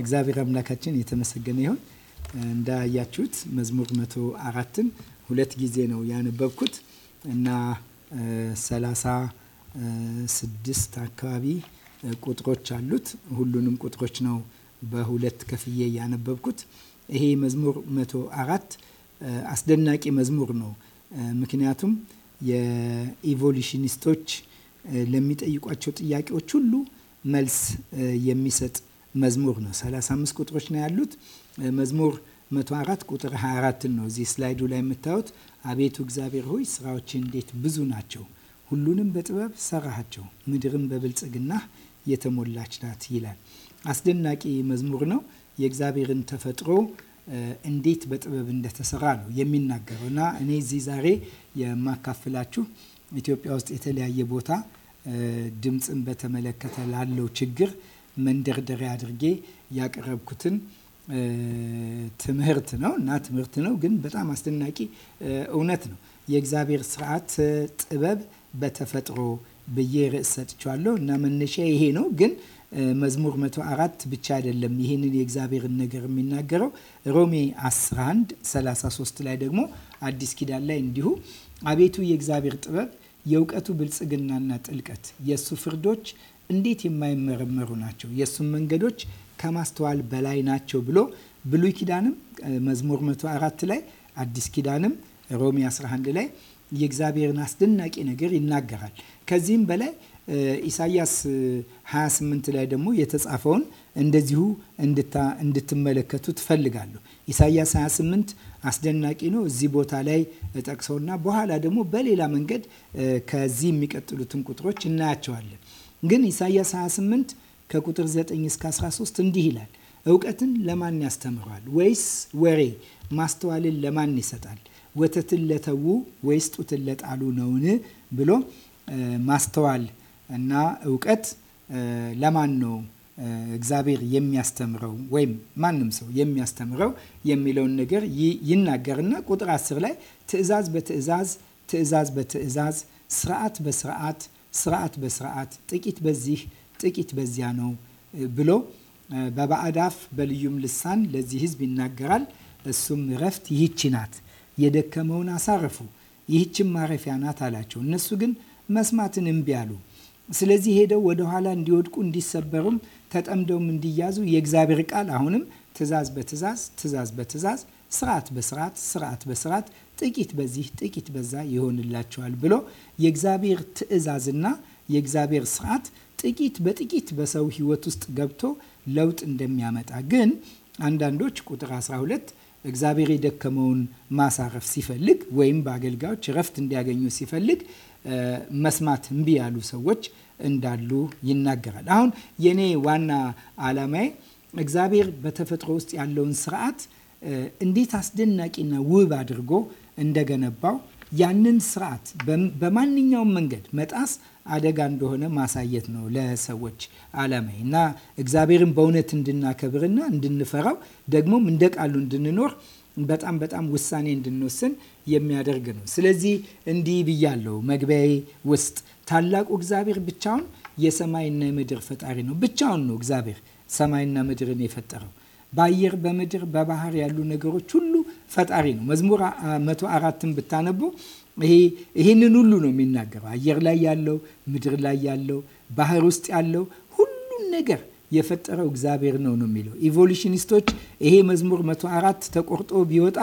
እግዚአብሔር አምላካችን የተመሰገነ ይሁን። እንዳያችሁት መዝሙር መቶ አራትን ሁለት ጊዜ ነው ያነበብኩት እና ሰላሳ ስድስት አካባቢ ቁጥሮች አሉት። ሁሉንም ቁጥሮች ነው በሁለት ከፍዬ ያነበብኩት። ይሄ መዝሙር መቶ አራት አስደናቂ መዝሙር ነው። ምክንያቱም የኢቮሉሽኒስቶች ለሚጠይቋቸው ጥያቄዎች ሁሉ መልስ የሚሰጥ መዝሙር ነው። 35 ቁጥሮች ነው ያሉት። መዝሙር 104 ቁጥር 24 ነው እዚህ ስላይዱ ላይ የምታዩት። አቤቱ እግዚአብሔር ሆይ ስራዎች እንዴት ብዙ ናቸው! ሁሉንም በጥበብ ሰራሃቸው፣ ምድርም በብልጽግና የተሞላች ናት ይላል። አስደናቂ መዝሙር ነው። የእግዚአብሔርን ተፈጥሮ እንዴት በጥበብ እንደተሰራ ነው የሚናገረው እና እኔ እዚህ ዛሬ የማካፍላችሁ ኢትዮጵያ ውስጥ የተለያየ ቦታ ድምፅን በተመለከተ ላለው ችግር መንደርደሪያ አድርጌ ያቀረብኩትን ትምህርት ነው እና ትምህርት ነው ግን በጣም አስደናቂ እውነት ነው። የእግዚአብሔር ስርዓት ጥበብ በተፈጥሮ ብዬ ርዕስ ሰጥቸዋለሁ እና መነሻ ይሄ ነው ግን መዝሙር 104 ብቻ አይደለም ይህንን የእግዚአብሔርን ነገር የሚናገረው ሮሜ 11 33 ላይ ደግሞ አዲስ ኪዳን ላይ እንዲሁ አቤቱ የእግዚአብሔር ጥበብ የእውቀቱ ብልጽግናና ጥልቀት የእሱ ፍርዶች እንዴት የማይመረመሩ ናቸው፣ የእሱም መንገዶች ከማስተዋል በላይ ናቸው ብሎ ብሉይ ኪዳንም መዝሙር 104 ላይ አዲስ ኪዳንም ሮሚ 11 ላይ የእግዚአብሔርን አስደናቂ ነገር ይናገራል። ከዚህም በላይ ኢሳያስ 28 ላይ ደግሞ የተጻፈውን እንደዚሁ እንድትመለከቱ ትፈልጋለሁ። ኢሳያስ 28 አስደናቂ ነው። እዚህ ቦታ ላይ ጠቅሰውና በኋላ ደግሞ በሌላ መንገድ ከዚህ የሚቀጥሉትን ቁጥሮች እናያቸዋለን። ግን ኢሳያስ 28 ከቁጥር 9 እስከ 13 እንዲህ ይላል፣ እውቀትን ለማን ያስተምረዋል? ወይስ ወሬ ማስተዋልን ለማን ይሰጣል? ወተትን ለተዉ ወይስ ጡትን ለጣሉ ነውን? ብሎ ማስተዋል እና እውቀት ለማን ነው እግዚአብሔር የሚያስተምረው ወይም ማንም ሰው የሚያስተምረው የሚለውን ነገር ይናገርና ቁጥር 10 ላይ ትእዛዝ በትእዛዝ ትእዛዝ በትእዛዝ ስርዓት በስርዓት ስርዓት በስርዓት ጥቂት በዚህ ጥቂት በዚያ ነው ብሎ በባዕድ አፍ በልዩም ልሳን ለዚህ ህዝብ ይናገራል። እሱም እረፍት ይህቺ ናት፣ የደከመውን አሳረፉ፣ ይህችም ማረፊያ ናት አላቸው። እነሱ ግን መስማትን እምቢ አሉ። ስለዚህ ሄደው ወደኋላ እንዲወድቁ እንዲሰበሩም ተጠምደውም እንዲያዙ የእግዚአብሔር ቃል አሁንም ትእዛዝ በትእዛዝ ትእዛዝ በትእዛዝ ስርዓት በስርዓት ስርዓት በስርዓት ጥቂት በዚህ ጥቂት በዛ ይሆንላቸዋል ብሎ የእግዚአብሔር ትእዛዝና የእግዚአብሔር ስርዓት ጥቂት በጥቂት በሰው ህይወት ውስጥ ገብቶ ለውጥ እንደሚያመጣ ግን አንዳንዶች ቁጥር 12 እግዚአብሔር የደከመውን ማሳረፍ ሲፈልግ ወይም በአገልጋዮች እረፍት እንዲያገኙ ሲፈልግ መስማት እምቢ ያሉ ሰዎች እንዳሉ ይናገራል። አሁን የኔ ዋና ዓላማዬ እግዚአብሔር በተፈጥሮ ውስጥ ያለውን ስርዓት እንዴት አስደናቂና ውብ አድርጎ እንደገነባው ያንን ስርዓት በማንኛውም መንገድ መጣስ አደጋ እንደሆነ ማሳየት ነው ለሰዎች ዓላማዬ እና እግዚአብሔርን በእውነት እንድናከብርና እንድንፈራው ደግሞም እንደ ቃሉ እንድንኖር በጣም በጣም ውሳኔ እንድንወስን የሚያደርግ ነው። ስለዚህ እንዲህ ብያለው መግቢያዬ ውስጥ ታላቁ እግዚአብሔር ብቻውን የሰማይና የምድር ፈጣሪ ነው። ብቻውን ነው እግዚአብሔር ሰማይና ምድርን የፈጠረው በአየር በምድር በባህር ያሉ ነገሮች ሁሉ ፈጣሪ ነው። መዝሙር መቶ አራትን ብታነቡ ይህንን ሁሉ ነው የሚናገረው። አየር ላይ ያለው፣ ምድር ላይ ያለው፣ ባህር ውስጥ ያለው ሁሉን ነገር የፈጠረው እግዚአብሔር ነው ነው የሚለው። ኢቮሉሽኒስቶች ይሄ መዝሙር መቶ አራት ተቆርጦ ቢወጣ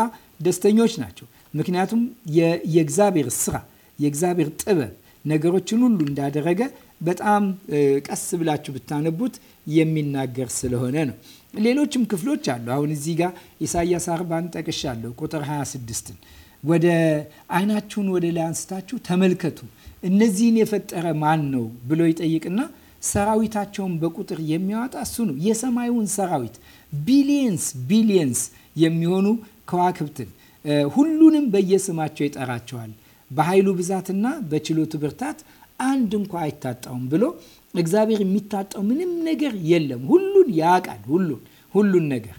ደስተኞች ናቸው። ምክንያቱም የእግዚአብሔር ስራ የእግዚአብሔር ጥበብ ነገሮችን ሁሉ እንዳደረገ በጣም ቀስ ብላችሁ ብታነቡት የሚናገር ስለሆነ ነው። ሌሎችም ክፍሎች አሉ። አሁን እዚህ ጋር ኢሳያስ አርባን ጠቅሻለሁ ቁጥር 26ን ወደ አይናችሁን ወደ ላይ አንስታችሁ ተመልከቱ እነዚህን የፈጠረ ማን ነው ብሎ ይጠይቅና ሰራዊታቸውን በቁጥር የሚያወጣ እሱ ነው። የሰማዩን ሰራዊት ቢሊየንስ ቢሊየንስ የሚሆኑ ከዋክብትን ሁሉንም በየስማቸው ይጠራቸዋል። በኃይሉ ብዛትና በችሎቱ ብርታት አንድ እንኳ አይታጣውም ብሎ እግዚአብሔር የሚታጣው ምንም ነገር የለም። ሁሉን ያውቃል። ሁሉን ሁሉን ነገር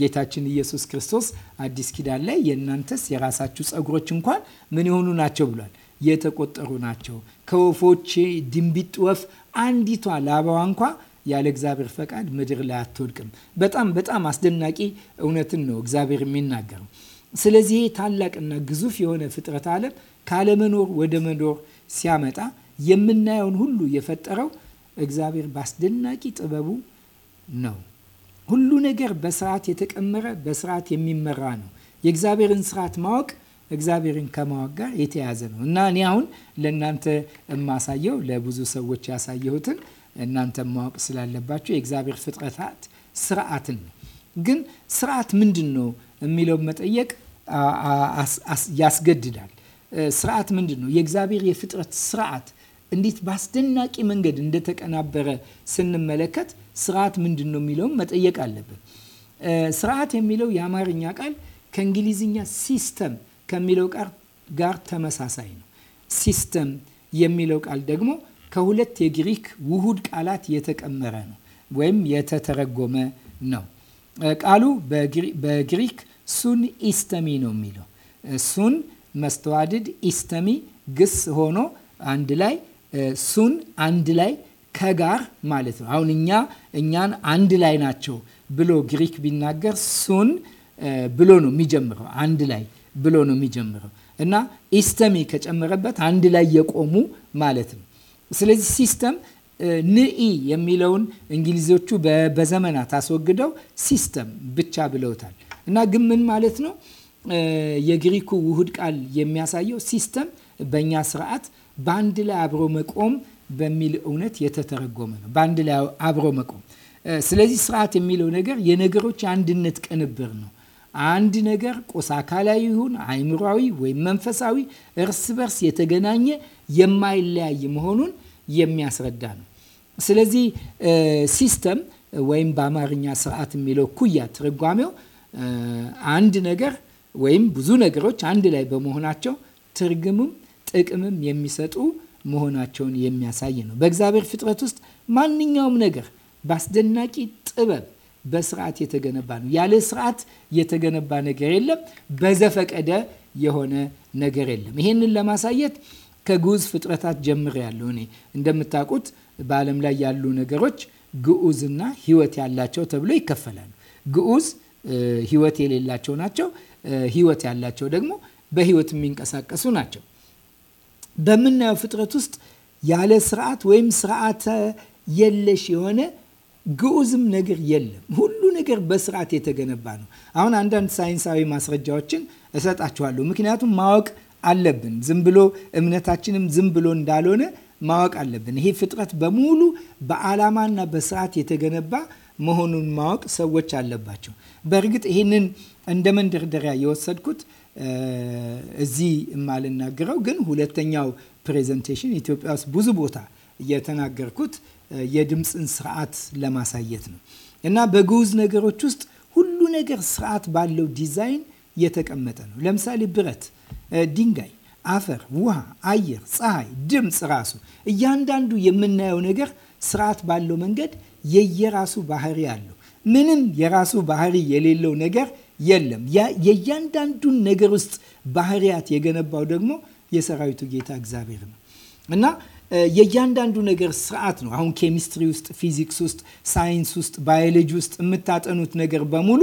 ጌታችን ኢየሱስ ክርስቶስ አዲስ ኪዳን ላይ የእናንተስ የራሳችሁ ጸጉሮች እንኳን ምን የሆኑ ናቸው ብሏል የተቆጠሩ ናቸው። ከወፎች ድንቢጥ ወፍ አንዲቷ ላባዋ እንኳ ያለ እግዚአብሔር ፈቃድ ምድር ላይ አትወድቅም። በጣም በጣም አስደናቂ እውነትን ነው እግዚአብሔር የሚናገረው። ስለዚህ ታላቅና ግዙፍ የሆነ ፍጥረት ዓለም ካለመኖር ወደ መኖር ሲያመጣ የምናየውን ሁሉ የፈጠረው እግዚአብሔር በአስደናቂ ጥበቡ ነው። ሁሉ ነገር በስርዓት የተቀመረ በስርዓት የሚመራ ነው። የእግዚአብሔርን ስርዓት ማወቅ እግዚአብሔርን ከማወቅ ጋር የተያያዘ ነው እና እኔ አሁን ለእናንተ የማሳየው ለብዙ ሰዎች ያሳየሁትን እናንተ ማወቅ ስላለባቸው የእግዚአብሔር ፍጥረታት ስርዓትን ነው። ግን ስርዓት ምንድን ነው የሚለው መጠየቅ ያስገድዳል። ስርዓት ምንድን ነው? የእግዚአብሔር የፍጥረት ስርዓት እንዴት በአስደናቂ መንገድ እንደተቀናበረ ስንመለከት ስርዓት ምንድን ነው የሚለውም መጠየቅ አለብን። ስርዓት የሚለው የአማርኛ ቃል ከእንግሊዝኛ ሲስተም ከሚለው ቃል ጋር ተመሳሳይ ነው። ሲስተም የሚለው ቃል ደግሞ ከሁለት የግሪክ ውሁድ ቃላት የተቀመረ ነው ወይም የተተረጎመ ነው። ቃሉ በግሪክ ሱን ኢስተሚ ነው የሚለው ሱን መስተዋድድ ኢስተሚ ግስ ሆኖ አንድ ላይ ሱን አንድ ላይ ከጋር ማለት ነው። አሁን እኛ እኛን አንድ ላይ ናቸው ብሎ ግሪክ ቢናገር ሱን ብሎ ነው የሚጀምረው። አንድ ላይ ብሎ ነው የሚጀምረው እና ኢስተሚ ከጨመረበት አንድ ላይ የቆሙ ማለት ነው። ስለዚህ ሲስተም ንኢ የሚለውን እንግሊዞቹ በዘመናት አስወግደው ሲስተም ብቻ ብለውታል እና ግን ምን ማለት ነው የግሪኩ ውሁድ ቃል የሚያሳየው ሲስተም በእኛ ስርዓት በአንድ ላይ አብሮ መቆም በሚል እውነት የተተረጎመ ነው። በአንድ ላይ አብሮ መቆም። ስለዚህ ስርዓት የሚለው ነገር የነገሮች አንድነት ቅንብር ነው። አንድ ነገር ቁስ አካላዊ ይሁን አይምሯዊ ወይም መንፈሳዊ እርስ በርስ የተገናኘ የማይለያይ መሆኑን የሚያስረዳ ነው። ስለዚህ ሲስተም ወይም በአማርኛ ስርዓት የሚለው ኩያ ትርጓሜው አንድ ነገር ወይም ብዙ ነገሮች አንድ ላይ በመሆናቸው ትርጉምም ጥቅምም የሚሰጡ መሆናቸውን የሚያሳይ ነው። በእግዚአብሔር ፍጥረት ውስጥ ማንኛውም ነገር በአስደናቂ ጥበብ በስርዓት የተገነባ ነው። ያለ ስርዓት የተገነባ ነገር የለም። በዘፈቀደ የሆነ ነገር የለም። ይህንን ለማሳየት ከግዑዝ ፍጥረታት ጀምር ያለው እኔ እንደምታውቁት በዓለም ላይ ያሉ ነገሮች ግዑዝና ሕይወት ያላቸው ተብሎ ይከፈላሉ። ግዑዝ ሕይወት የሌላቸው ናቸው። ሕይወት ያላቸው ደግሞ በሕይወት የሚንቀሳቀሱ ናቸው። በምናየው ፍጥረት ውስጥ ያለ ስርዓት ወይም ስርዓተ የለሽ የሆነ ግዑዝም ነገር የለም። ሁሉ ነገር በስርዓት የተገነባ ነው። አሁን አንዳንድ ሳይንሳዊ ማስረጃዎችን እሰጣችኋለሁ። ምክንያቱም ማወቅ አለብን። ዝም ብሎ እምነታችንም ዝም ብሎ እንዳልሆነ ማወቅ አለብን። ይሄ ፍጥረት በሙሉ በዓላማና በስርዓት የተገነባ መሆኑን ማወቅ ሰዎች አለባቸው። በእርግጥ ይህንን እንደ መንደርደሪያ የወሰድኩት እዚህ የማልናገረው ግን ሁለተኛው ፕሬዘንቴሽን ኢትዮጵያ ውስጥ ብዙ ቦታ እየተናገርኩት የድምፅን ስርዓት ለማሳየት ነው እና በግዑዝ ነገሮች ውስጥ ሁሉ ነገር ስርዓት ባለው ዲዛይን የተቀመጠ ነው። ለምሳሌ ብረት፣ ድንጋይ፣ አፈር፣ ውሃ፣ አየር፣ ፀሐይ፣ ድምፅ ራሱ እያንዳንዱ የምናየው ነገር ስርዓት ባለው መንገድ የየራሱ ባህሪ አለው። ምንም የራሱ ባህሪ የሌለው ነገር የለም። የእያንዳንዱን ነገር ውስጥ ባህሪያት የገነባው ደግሞ የሰራዊቱ ጌታ እግዚአብሔር ነው እና የእያንዳንዱ ነገር ስርዓት ነው። አሁን ኬሚስትሪ ውስጥ፣ ፊዚክስ ውስጥ፣ ሳይንስ ውስጥ፣ ባዮሎጂ ውስጥ የምታጠኑት ነገር በሙሉ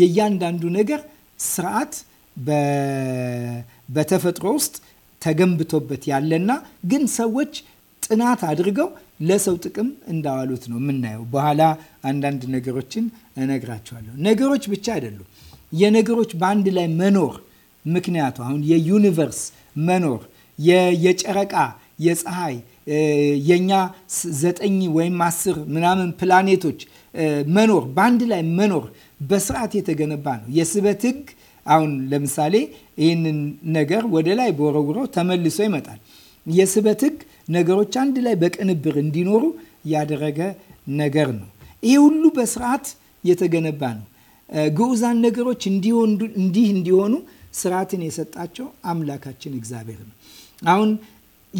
የእያንዳንዱ ነገር ስርዓት በተፈጥሮ ውስጥ ተገንብቶበት ያለና ግን ሰዎች ጥናት አድርገው ለሰው ጥቅም እንዳዋሉት ነው የምናየው። በኋላ አንዳንድ ነገሮችን እነግራቸዋለሁ። ነገሮች ብቻ አይደሉም የነገሮች በአንድ ላይ መኖር ምክንያቱ አሁን የዩኒቨርስ መኖር የጨረቃ የፀሐይ የእኛ ዘጠኝ ወይም አስር ምናምን ፕላኔቶች መኖር በአንድ ላይ መኖር በስርዓት የተገነባ ነው። የስበት ህግ አሁን ለምሳሌ ይህንን ነገር ወደ ላይ በወረውረው ተመልሶ ይመጣል። የስበት ህግ ነገሮች አንድ ላይ በቅንብር እንዲኖሩ ያደረገ ነገር ነው። ይሄ ሁሉ በስርዓት የተገነባ ነው። ግዑዛን ነገሮች እንዲህ እንዲሆኑ ስርዓትን የሰጣቸው አምላካችን እግዚአብሔር ነው። አሁን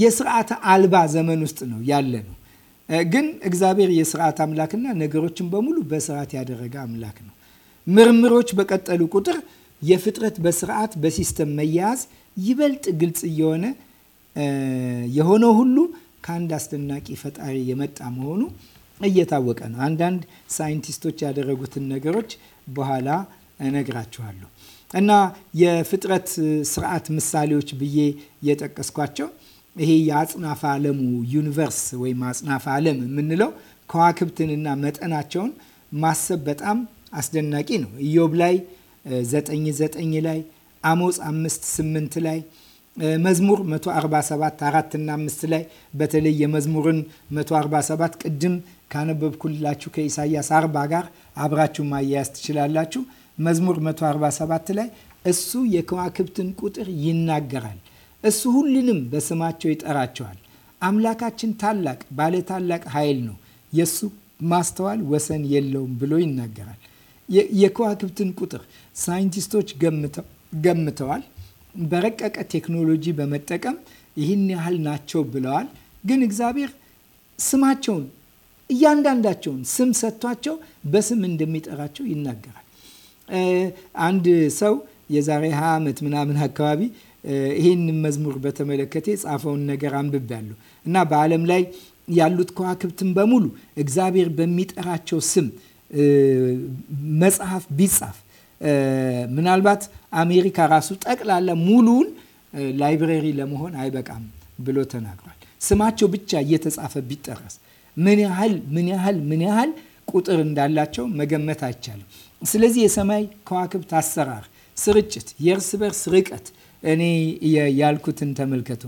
የስርዓት አልባ ዘመን ውስጥ ነው ያለ ነው። ግን እግዚአብሔር የስርዓት አምላክና ነገሮችን በሙሉ በስርዓት ያደረገ አምላክ ነው። ምርምሮች በቀጠሉ ቁጥር የፍጥረት በስርዓት በሲስተም መያያዝ ይበልጥ ግልጽ እየሆነ የሆነው ሁሉ ከአንድ አስደናቂ ፈጣሪ የመጣ መሆኑ እየታወቀ ነው። አንዳንድ ሳይንቲስቶች ያደረጉትን ነገሮች በኋላ እነግራችኋለሁ እና የፍጥረት ስርዓት ምሳሌዎች ብዬ የጠቀስኳቸው ይሄ የአጽናፈ ዓለሙ ዩኒቨርስ ወይም አጽናፈ ዓለም የምንለው ከዋክብትንና መጠናቸውን ማሰብ በጣም አስደናቂ ነው። ኢዮብ ላይ ዘጠኝ ዘጠኝ ላይ አሞጽ አምስት ስምንት ላይ መዝሙር 147 አራትና አምስት ላይ በተለይ የመዝሙርን 147 ቅድም ካነበብኩላችሁ ከኢሳያስ አርባ ጋር አብራችሁ ማያያዝ ትችላላችሁ። መዝሙር 147 ላይ እሱ የከዋክብትን ቁጥር ይናገራል። እሱ ሁሉንም በስማቸው ይጠራቸዋል። አምላካችን ታላቅ ባለ ታላቅ ኃይል ነው፣ የእሱ ማስተዋል ወሰን የለውም ብሎ ይናገራል። የከዋክብትን ቁጥር ሳይንቲስቶች ገምተዋል። በረቀቀ ቴክኖሎጂ በመጠቀም ይህን ያህል ናቸው ብለዋል። ግን እግዚአብሔር ስማቸውን እያንዳንዳቸውን ስም ሰጥቷቸው በስም እንደሚጠራቸው ይናገራል። አንድ ሰው የዛሬ 20 ዓመት ምናምን አካባቢ ይህንን መዝሙር በተመለከተ የጻፈውን ነገር አንብቤያለሁ እና በዓለም ላይ ያሉት ከዋክብትን በሙሉ እግዚአብሔር በሚጠራቸው ስም መጽሐፍ ቢጻፍ ምናልባት አሜሪካ ራሱ ጠቅላላ ሙሉውን ላይብረሪ ለመሆን አይበቃም ብሎ ተናግሯል። ስማቸው ብቻ እየተጻፈ ቢጠረስ ምን ያህል ምን ያህል ምን ያህል ቁጥር እንዳላቸው መገመት አይቻልም። ስለዚህ የሰማይ ከዋክብት አሰራር፣ ስርጭት፣ የእርስ በርስ ርቀት እኔ ያልኩትን ተመልከቱ።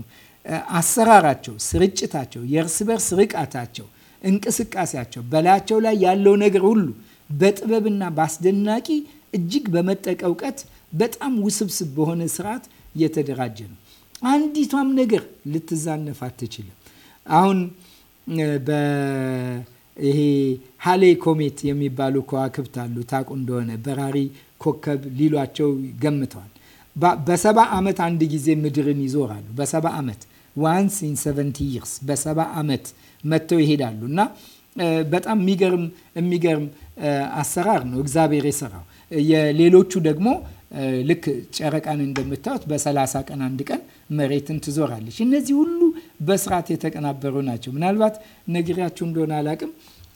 አሰራራቸው፣ ስርጭታቸው፣ የእርስ በርስ ርቃታቸው፣ እንቅስቃሴያቸው፣ በላያቸው ላይ ያለው ነገር ሁሉ በጥበብና በአስደናቂ እጅግ በመጠቀ እውቀት በጣም ውስብስብ በሆነ ስርዓት የተደራጀ ነው። አንዲቷም ነገር ልትዛነፍ አትችልም። አሁን ይሄ ሃሌ ኮሜት የሚባሉ ከዋክብት አሉ። ታቁ እንደሆነ በራሪ ኮከብ ሊሏቸው ገምተዋል። በሰባ ዓመት አንድ ጊዜ ምድርን ይዞራሉ። በሰባ ዓመት ዋንስ ኢን ሰቨንቲ ይርስ በሰባ ዓመት መጥተው ይሄዳሉ እና በጣም የሚገርም የሚገርም አሰራር ነው እግዚአብሔር የሰራው። የሌሎቹ ደግሞ ልክ ጨረቃን እንደምታዩት በ30 ቀን አንድ ቀን መሬትን ትዞራለች። እነዚህ ሁሉ በስርዓት የተቀናበሩ ናቸው። ምናልባት ነግሪያችሁ እንደሆነ አላቅም።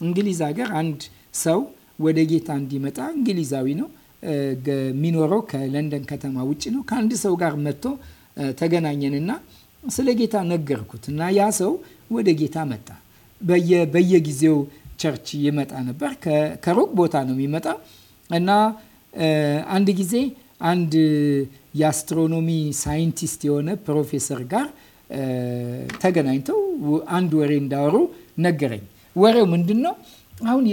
እንግሊዝ ሀገር አንድ ሰው ወደ ጌታ እንዲመጣ እንግሊዛዊ ነው የሚኖረው ከለንደን ከተማ ውጭ ነው። ከአንድ ሰው ጋር መጥቶ ተገናኘንና ስለ ጌታ ነገርኩት እና ያ ሰው ወደ ጌታ መጣ። በየጊዜው ቸርች ይመጣ ነበር። ከሩቅ ቦታ ነው የሚመጣ እና አንድ ጊዜ አንድ የአስትሮኖሚ ሳይንቲስት የሆነ ፕሮፌሰር ጋር ተገናኝተው አንድ ወሬ እንዳወሩ ነገረኝ። ወሬው ምንድን ነው? አሁን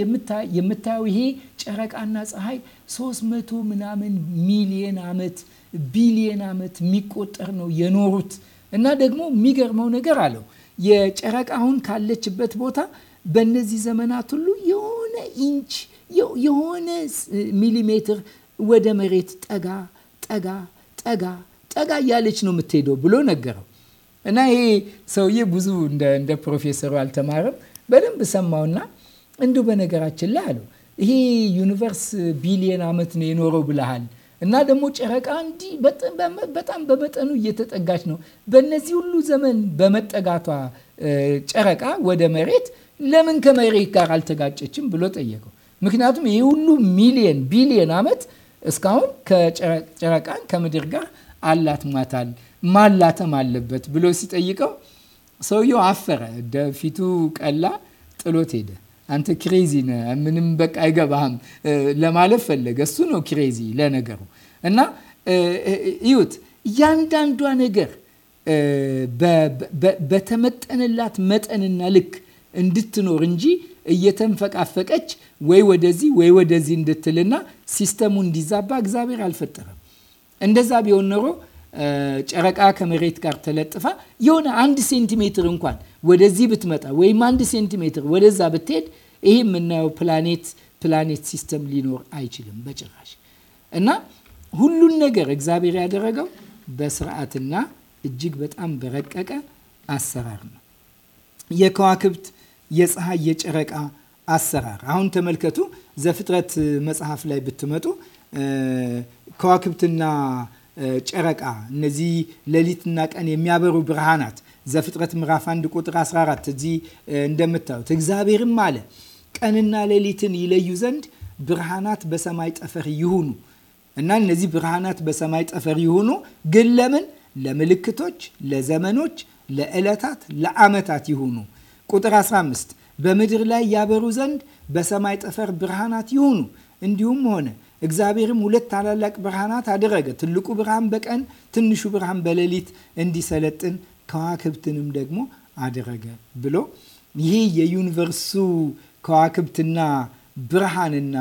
የምታየው ይሄ ጨረቃና ፀሐይ 300 ምናምን ሚሊየን ዓመት ቢሊየን ዓመት የሚቆጠር ነው የኖሩት እና ደግሞ የሚገርመው ነገር አለው የጨረቃ አሁን ካለችበት ቦታ በእነዚህ ዘመናት ሁሉ የሆነ ኢንች የሆነ ሚሊሜትር ወደ መሬት ጠጋ ጠጋ ጠጋ ጠጋ እያለች ነው የምትሄደው ብሎ ነገረው። እና ይሄ ሰውዬ ብዙ እንደ ፕሮፌሰሩ አልተማረም። በደንብ ሰማውና እንዲሁ በነገራችን ላይ አለው ይሄ ዩኒቨርስ ቢሊየን ዓመት ነው የኖረው ብልሃል እና ደግሞ ጨረቃ እንዲህ በጣም በመጠኑ እየተጠጋች ነው። በእነዚህ ሁሉ ዘመን በመጠጋቷ ጨረቃ ወደ መሬት ለምን ከመሬት ጋር አልተጋጨችም ብሎ ጠየቀው። ምክንያቱም ይህ ሁሉ ሚሊየን ቢሊየን ዓመት እስካሁን ጨረቃን ከምድር ጋር አላትማታል ማላተም አለበት ብሎ ሲጠይቀው ሰውየው አፈረ። ደፊቱ ቀላ፣ ጥሎት ሄደ። አንተ ክሬዚ ነህ፣ ምንም በቃ አይገባህም ለማለት ፈለገ። እሱ ነው ክሬዚ ለነገሩ። እና እዩት እያንዳንዷ ነገር በተመጠነላት መጠንና ልክ እንድትኖር እንጂ እየተንፈቃፈቀች ወይ ወደዚህ ወይ ወደዚህ እንድትልና ሲስተሙ እንዲዛባ እግዚአብሔር አልፈጠረም። እንደዛ ቢሆን ኖሮ ጨረቃ ከመሬት ጋር ተለጥፋ የሆነ አንድ ሴንቲሜትር እንኳን ወደዚህ ብትመጣ ወይም አንድ ሴንቲሜትር ወደዛ ብትሄድ ይሄ የምናየው ፕላኔት ፕላኔት ሲስተም ሊኖር አይችልም በጭራሽ እና ሁሉን ነገር እግዚአብሔር ያደረገው በስርዓትና እጅግ በጣም በረቀቀ አሰራር ነው። የከዋክብት የፀሐይ፣ የጨረቃ አሰራር አሁን ተመልከቱ። ዘፍጥረት መጽሐፍ ላይ ብትመጡ ከዋክብትና ጨረቃ፣ እነዚህ ሌሊትና ቀን የሚያበሩ ብርሃናት ዘፍጥረት ምዕራፍ 1 ቁጥር 14 እዚህ እንደምታዩት እግዚአብሔርም አለ ቀንና ሌሊትን ይለዩ ዘንድ ብርሃናት በሰማይ ጠፈር ይሁኑ እና እነዚህ ብርሃናት በሰማይ ጠፈር ይሁኑ ግን ለምን ለምልክቶች፣ ለዘመኖች፣ ለዕለታት፣ ለዓመታት ይሁኑ። ቁጥር 15 በምድር ላይ ያበሩ ዘንድ በሰማይ ጠፈር ብርሃናት ይሁኑ እንዲሁም ሆነ እግዚአብሔርም ሁለት ታላላቅ ብርሃናት አደረገ። ትልቁ ብርሃን በቀን ትንሹ ብርሃን በሌሊት እንዲሰለጥን ከዋክብትንም ደግሞ አደረገ ብሎ ይህ የዩኒቨርሱ ከዋክብትና ብርሃንና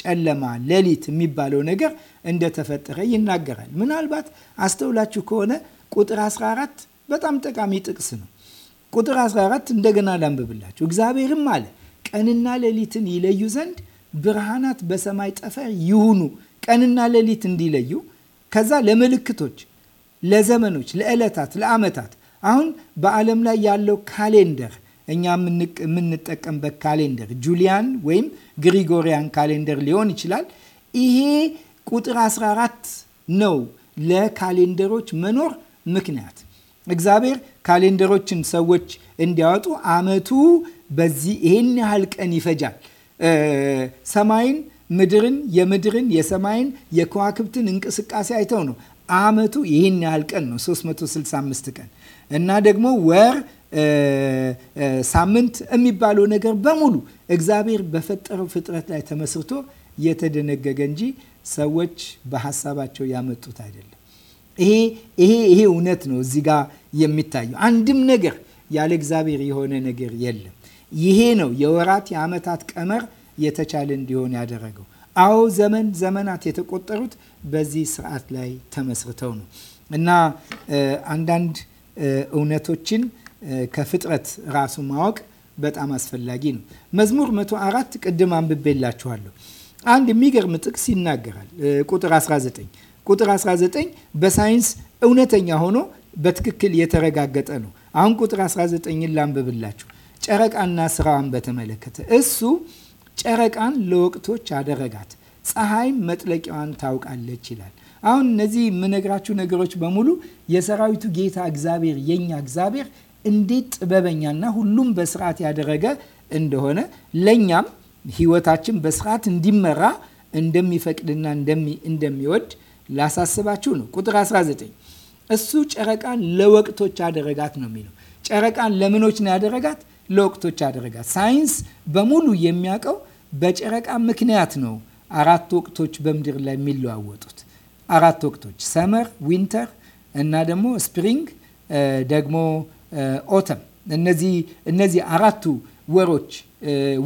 ጨለማ ሌሊት የሚባለው ነገር እንደተፈጠረ ይናገራል። ምናልባት አስተውላችሁ ከሆነ ቁጥር 14 በጣም ጠቃሚ ጥቅስ ነው። ቁጥር 14 እንደገና ላንብብላችሁ። እግዚአብሔርም አለ ቀንና ሌሊትን ይለዩ ዘንድ ብርሃናት በሰማይ ጠፈር ይሁኑ ቀንና ሌሊት እንዲለዩ ከዛ ለምልክቶች፣ ለዘመኖች፣ ለዕለታት፣ ለዓመታት አሁን በዓለም ላይ ያለው ካሌንደር እኛ የምንጠቀምበት ካሌንደር ጁሊያን ወይም ግሪጎሪያን ካሌንደር ሊሆን ይችላል። ይሄ ቁጥር 14 ነው ለካሌንደሮች መኖር ምክንያት እግዚአብሔር ካሌንደሮችን ሰዎች እንዲያወጡ አመቱ በዚህ ይሄን ያህል ቀን ይፈጃል ሰማይን፣ ምድርን፣ የምድርን፣ የሰማይን፣ የከዋክብትን እንቅስቃሴ አይተው ነው አመቱ ይህን ያህል ቀን ነው 365 ቀን እና ደግሞ ወር ሳምንት የሚባለው ነገር በሙሉ እግዚአብሔር በፈጠረው ፍጥረት ላይ ተመስርቶ የተደነገገ እንጂ ሰዎች በሀሳባቸው ያመጡት አይደለም። ይሄ ይሄ ይሄ እውነት ነው። እዚህ ጋር የሚታየው አንድም ነገር ያለ እግዚአብሔር የሆነ ነገር የለም። ይሄ ነው የወራት የዓመታት ቀመር የተቻለ እንዲሆን ያደረገው። አዎ ዘመን ዘመናት የተቆጠሩት በዚህ ስርዓት ላይ ተመስርተው ነው እና አንዳንድ እውነቶችን ከፍጥረት ራሱ ማወቅ በጣም አስፈላጊ ነው። መዝሙር 104 ቅድም አንብቤላችኋለሁ። አንድ የሚገርም ጥቅስ ይናገራል። ቁጥር 19 ቁጥር 19 በሳይንስ እውነተኛ ሆኖ በትክክል የተረጋገጠ ነው። አሁን ቁጥር 19ን ላንብብላችሁ። ጨረቃና ስራዋን በተመለከተ እሱ ጨረቃን ለወቅቶች አደረጋት፣ ፀሐይ መጥለቂያዋን ታውቃለች ይላል። አሁን እነዚህ የምነግራችሁ ነገሮች በሙሉ የሰራዊቱ ጌታ እግዚአብሔር የኛ እግዚአብሔር እንዴት ጥበበኛና ሁሉም በስርዓት ያደረገ እንደሆነ ለእኛም ህይወታችን በስርዓት እንዲመራ እንደሚፈቅድና እንደሚወድ ላሳስባችሁ ነው። ቁጥር 19 እሱ ጨረቃን ለወቅቶች አደረጋት ነው የሚለው። ጨረቃን ለምኖች ነው ያደረጋት? ለወቅቶች አደረጋት። ሳይንስ በሙሉ የሚያውቀው በጨረቃ ምክንያት ነው አራት ወቅቶች በምድር ላይ የሚለዋወጡት አራት ወቅቶች ሰመር፣ ዊንተር እና ደግሞ ስፕሪንግ ደግሞ ኦተም እነዚህ አራቱ ወሮች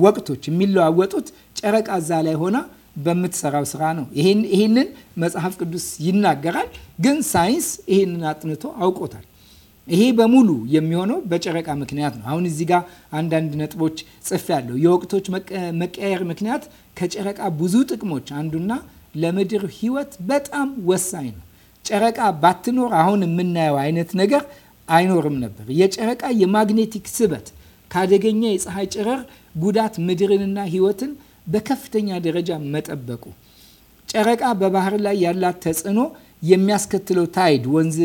ወቅቶች የሚለዋወጡት ጨረቃ እዛ ላይ ሆና በምትሰራው ስራ ነው። ይህንን መጽሐፍ ቅዱስ ይናገራል። ግን ሳይንስ ይህንን አጥንቶ አውቆታል። ይሄ በሙሉ የሚሆነው በጨረቃ ምክንያት ነው። አሁን እዚህ ጋር አንዳንድ ነጥቦች ጽፍ ያለው የወቅቶች መቀያየር ምክንያት ከጨረቃ ብዙ ጥቅሞች አንዱና ለምድር ሕይወት በጣም ወሳኝ ነው። ጨረቃ ባትኖር አሁን የምናየው አይነት ነገር አይኖርም ነበር። የጨረቃ የማግኔቲክ ስበት ከአደገኛ የፀሐይ ጨረር ጉዳት ምድርንና ሕይወትን በከፍተኛ ደረጃ መጠበቁ ጨረቃ በባህር ላይ ያላት ተጽዕኖ የሚያስከትለው ታይድ ወንዝ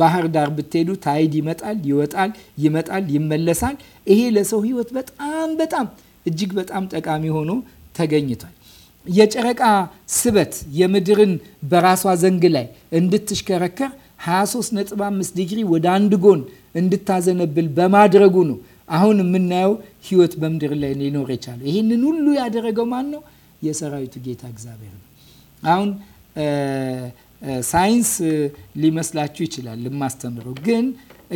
ባህር ዳር ብትሄዱ ታይድ ይመጣል፣ ይወጣል፣ ይመጣል፣ ይመለሳል። ይሄ ለሰው ሕይወት በጣም በጣም እጅግ በጣም ጠቃሚ ሆኖ ተገኝቷል። የጨረቃ ስበት የምድርን በራሷ ዘንግ ላይ እንድትሽከረከር 23.5 ዲግሪ ወደ አንድ ጎን እንድታዘነብል በማድረጉ ነው አሁን የምናየው ህይወት በምድር ላይ ሊኖር የቻለው። ይህንን ሁሉ ያደረገው ማን ነው? የሰራዊቱ ጌታ እግዚአብሔር ነው። አሁን ሳይንስ ሊመስላችሁ ይችላል የማስተምረው፣ ግን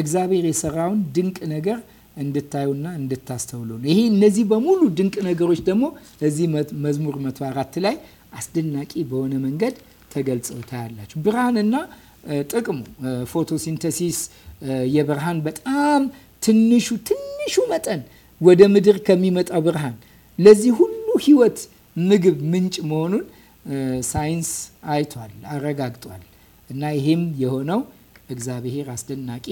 እግዚአብሔር የሰራውን ድንቅ ነገር እንድታዩና እንድታስተውሉ ነው። ይሄ እነዚህ በሙሉ ድንቅ ነገሮች ደግሞ እዚህ መዝሙር 104 ላይ አስደናቂ በሆነ መንገድ ተገልጸው ታያላችሁ። ብርሃንና ጥቅሙ ፎቶሲንተሲስ የብርሃን በጣም ትንሹ ትንሹ መጠን ወደ ምድር ከሚመጣው ብርሃን ለዚህ ሁሉ ህይወት ምግብ ምንጭ መሆኑን ሳይንስ አይቷል፣ አረጋግጧል። እና ይህም የሆነው እግዚአብሔር አስደናቂ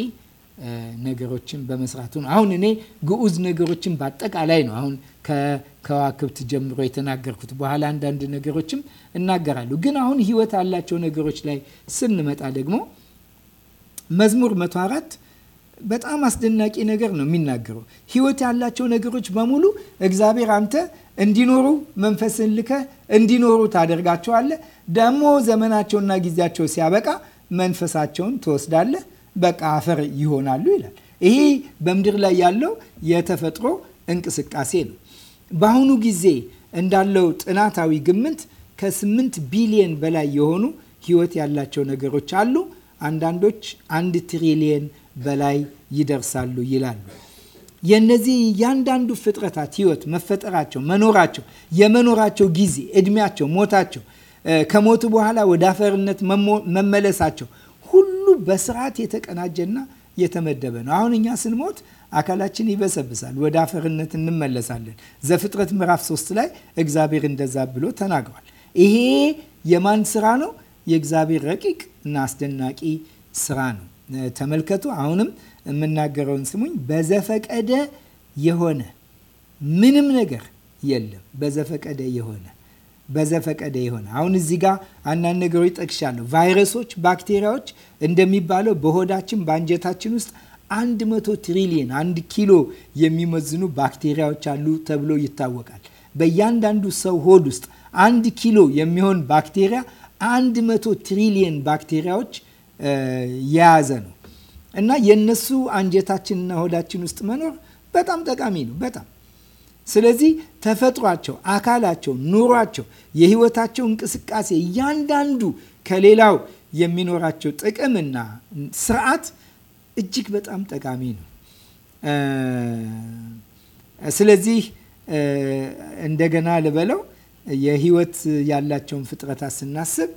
ነገሮችን በመስራቱ ነው። አሁን እኔ ግዑዝ ነገሮችን በአጠቃላይ ነው አሁን ከከዋክብት ጀምሮ የተናገርኩት። በኋላ አንዳንድ ነገሮችም እናገራሉ። ግን አሁን ህይወት ያላቸው ነገሮች ላይ ስንመጣ ደግሞ መዝሙር 104 በጣም አስደናቂ ነገር ነው የሚናገረው። ህይወት ያላቸው ነገሮች በሙሉ እግዚአብሔር አንተ እንዲኖሩ መንፈስን ልከህ እንዲኖሩ ታደርጋቸዋለህ። ደግሞ ዘመናቸውና ጊዜያቸው ሲያበቃ መንፈሳቸውን ትወስዳለህ፣ በቃ አፈር ይሆናሉ ይላል። ይሄ በምድር ላይ ያለው የተፈጥሮ እንቅስቃሴ ነው። በአሁኑ ጊዜ እንዳለው ጥናታዊ ግምት ከስምንት ቢሊየን በላይ የሆኑ ህይወት ያላቸው ነገሮች አሉ። አንዳንዶች አንድ ትሪሊየን በላይ ይደርሳሉ ይላሉ። የነዚህ እያንዳንዱ ፍጥረታት ህይወት፣ መፈጠራቸው፣ መኖራቸው፣ የመኖራቸው ጊዜ፣ እድሜያቸው፣ ሞታቸው፣ ከሞቱ በኋላ ወደ አፈርነት መመለሳቸው ሁሉ በስርዓት የተቀናጀና የተመደበ ነው። አሁን እኛ ስንሞት አካላችን ይበሰብሳል፣ ወደ አፈርነት እንመለሳለን። ዘፍጥረት ምዕራፍ ሶስት ላይ እግዚአብሔር እንደዛ ብሎ ተናግሯል። ይሄ የማን ስራ ነው? የእግዚአብሔር ረቂቅ እና አስደናቂ ስራ ነው። ተመልከቱ። አሁንም የምናገረውን ስሙኝ። በዘፈቀደ የሆነ ምንም ነገር የለም። በዘፈቀደ የሆነ በዘፈቀደ የሆነ አሁን እዚህ ጋር አንዳንድ ነገሮች ጠቅሻለሁ። ቫይረሶች፣ ባክቴሪያዎች እንደሚባለው በሆዳችን በአንጀታችን ውስጥ አንድ መቶ ትሪሊየን አንድ ኪሎ የሚመዝኑ ባክቴሪያዎች አሉ ተብሎ ይታወቃል። በእያንዳንዱ ሰው ሆድ ውስጥ አንድ ኪሎ የሚሆን ባክቴሪያ አንድ መቶ ትሪሊየን ባክቴሪያዎች የያዘ ነው እና የነሱ አንጀታችንና ሆዳችን ውስጥ መኖር በጣም ጠቃሚ ነው። በጣም ስለዚህ ተፈጥሯቸው፣ አካላቸው፣ ኑሯቸው፣ የህይወታቸው እንቅስቃሴ እያንዳንዱ ከሌላው የሚኖራቸው ጥቅምና ስርዓት እጅግ በጣም ጠቃሚ ነው። ስለዚህ እንደገና ልበለው የህይወት ያላቸውን ፍጥረታት ስናስብ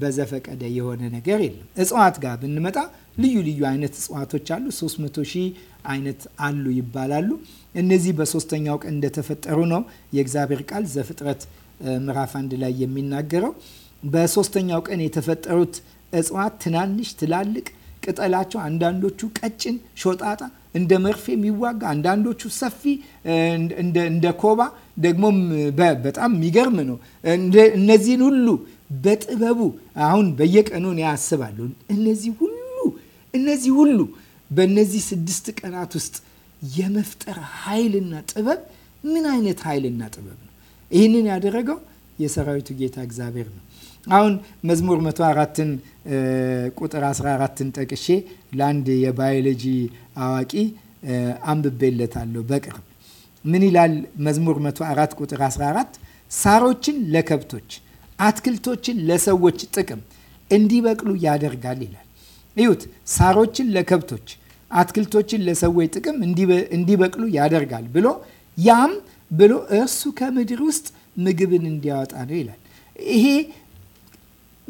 በዘፈቀደ የሆነ ነገር የለም። እጽዋት ጋር ብንመጣ ልዩ ልዩ አይነት እጽዋቶች አሉ። 300 ሺህ አይነት አሉ ይባላሉ። እነዚህ በሶስተኛው ቀን እንደተፈጠሩ ነው የእግዚአብሔር ቃል ዘፍጥረት ምዕራፍ አንድ ላይ የሚናገረው። በሶስተኛው ቀን የተፈጠሩት እጽዋት ትናንሽ፣ ትላልቅ ቅጠላቸው አንዳንዶቹ ቀጭን ሾጣጣ እንደ መርፌ የሚዋጋ አንዳንዶቹ ሰፊ እንደ ኮባ ደግሞም በጣም የሚገርም ነው። እነዚህን ሁሉ በጥበቡ አሁን በየቀኑ እኔ አስባለሁ። እነዚህ ሁሉ እነዚህ ሁሉ በእነዚህ ስድስት ቀናት ውስጥ የመፍጠር ኃይልና ጥበብ ምን አይነት ኃይልና ጥበብ ነው! ይህንን ያደረገው የሰራዊቱ ጌታ እግዚአብሔር ነው። አሁን መዝሙር 104ን ቁጥር 14ን ጠቅሼ ለአንድ የባዮሎጂ አዋቂ አንብቤለታለሁ በቅርብ ምን ይላል? መዝሙር 104 ቁጥር 14 ሳሮችን ለከብቶች አትክልቶችን ለሰዎች ጥቅም እንዲበቅሉ ያደርጋል ይላል። እዩት፣ ሳሮችን ለከብቶች አትክልቶችን ለሰዎች ጥቅም እንዲበቅሉ ያደርጋል ብሎ ያም ብሎ እርሱ ከምድር ውስጥ ምግብን እንዲያወጣ ነው ይላል። ይሄ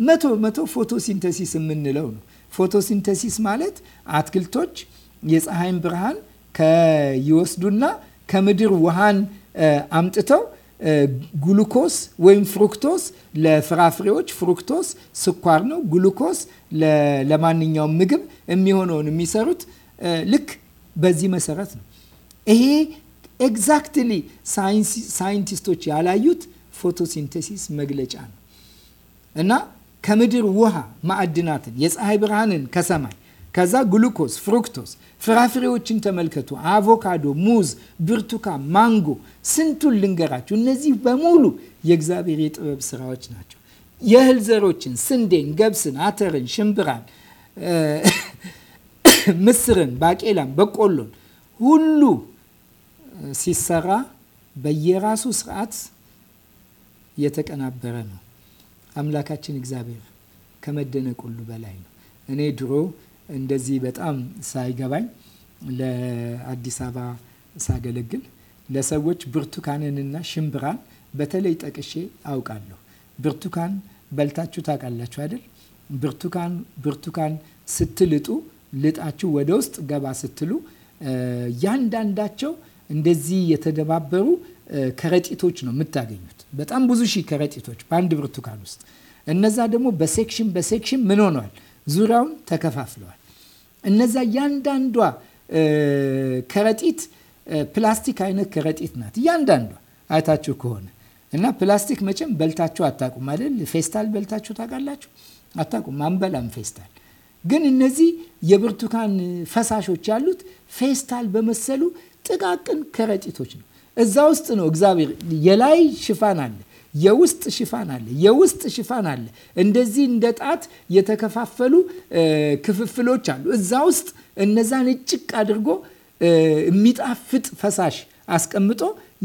መቶ መቶ ፎቶሲንተሲስ የምንለው ነው። ፎቶሲንተሲስ ማለት አትክልቶች የፀሐይን ብርሃን ይወስዱና ከምድር ውሃን አምጥተው ጉሉኮስ ወይም ፍሩክቶስ ለፍራፍሬዎች፣ ፍሩክቶስ ስኳር ነው። ጉሉኮስ ለማንኛውም ምግብ የሚሆነውን የሚሰሩት ልክ በዚህ መሰረት ነው። ይሄ ኤግዛክትሊ ሳይንቲስቶች ያላዩት ፎቶሲንተሲስ መግለጫ ነው እና ከምድር ውሃ ማዕድናትን፣ የፀሐይ ብርሃንን ከሰማይ ከዛ ግሉኮስ፣ ፍሩክቶስ ፍራፍሬዎችን ተመልከቱ። አቮካዶ፣ ሙዝ፣ ብርቱካን፣ ማንጎ ስንቱን ልንገራችሁ። እነዚህ በሙሉ የእግዚአብሔር የጥበብ ስራዎች ናቸው። የእህል ዘሮችን ስንዴን፣ ገብስን፣ አተርን፣ ሽምብራን፣ ምስርን፣ ባቄላን፣ በቆሎን ሁሉ ሲሰራ በየራሱ ስርዓት የተቀናበረ ነው። አምላካችን እግዚአብሔር ከመደነቅ ሁሉ በላይ ነው። እኔ ድሮ እንደዚህ በጣም ሳይገባኝ ለአዲስ አበባ ሳገለግል ለሰዎች ብርቱካንንና ሽምብራን በተለይ ጠቅሼ አውቃለሁ። ብርቱካን በልታችሁ ታውቃላችሁ አይደል? ብርቱካን ብርቱካን ስትልጡ ልጣችሁ ወደ ውስጥ ገባ ስትሉ እያንዳንዳቸው እንደዚህ የተደባበሩ ከረጢቶች ነው የምታገኙት። በጣም ብዙ ሺህ ከረጢቶች በአንድ ብርቱካን ውስጥ። እነዛ ደግሞ በሴክሽን በሴክሽን ምን ሆነዋል? ዙሪያውን ተከፋፍለዋል። እነዛ እያንዳንዷ ከረጢት ፕላስቲክ አይነት ከረጢት ናት። እያንዳንዷ አይታችሁ ከሆነ እና ፕላስቲክ መቼም በልታችሁ አታቁም አይደል? ፌስታል በልታችሁ ታውቃላችሁ? አታቁም። አንበላም ፌስታል። ግን እነዚህ የብርቱካን ፈሳሾች ያሉት ፌስታል በመሰሉ ጥቃቅን ከረጢቶች ነው። እዛ ውስጥ ነው እግዚአብሔር የላይ ሽፋን አለ የውስጥ ሽፋን አለ። የውስጥ ሽፋን አለ። እንደዚህ እንደ ጣት የተከፋፈሉ ክፍፍሎች አሉ። እዛ ውስጥ እነዛን እጭቅ አድርጎ የሚጣፍጥ ፈሳሽ አስቀምጦ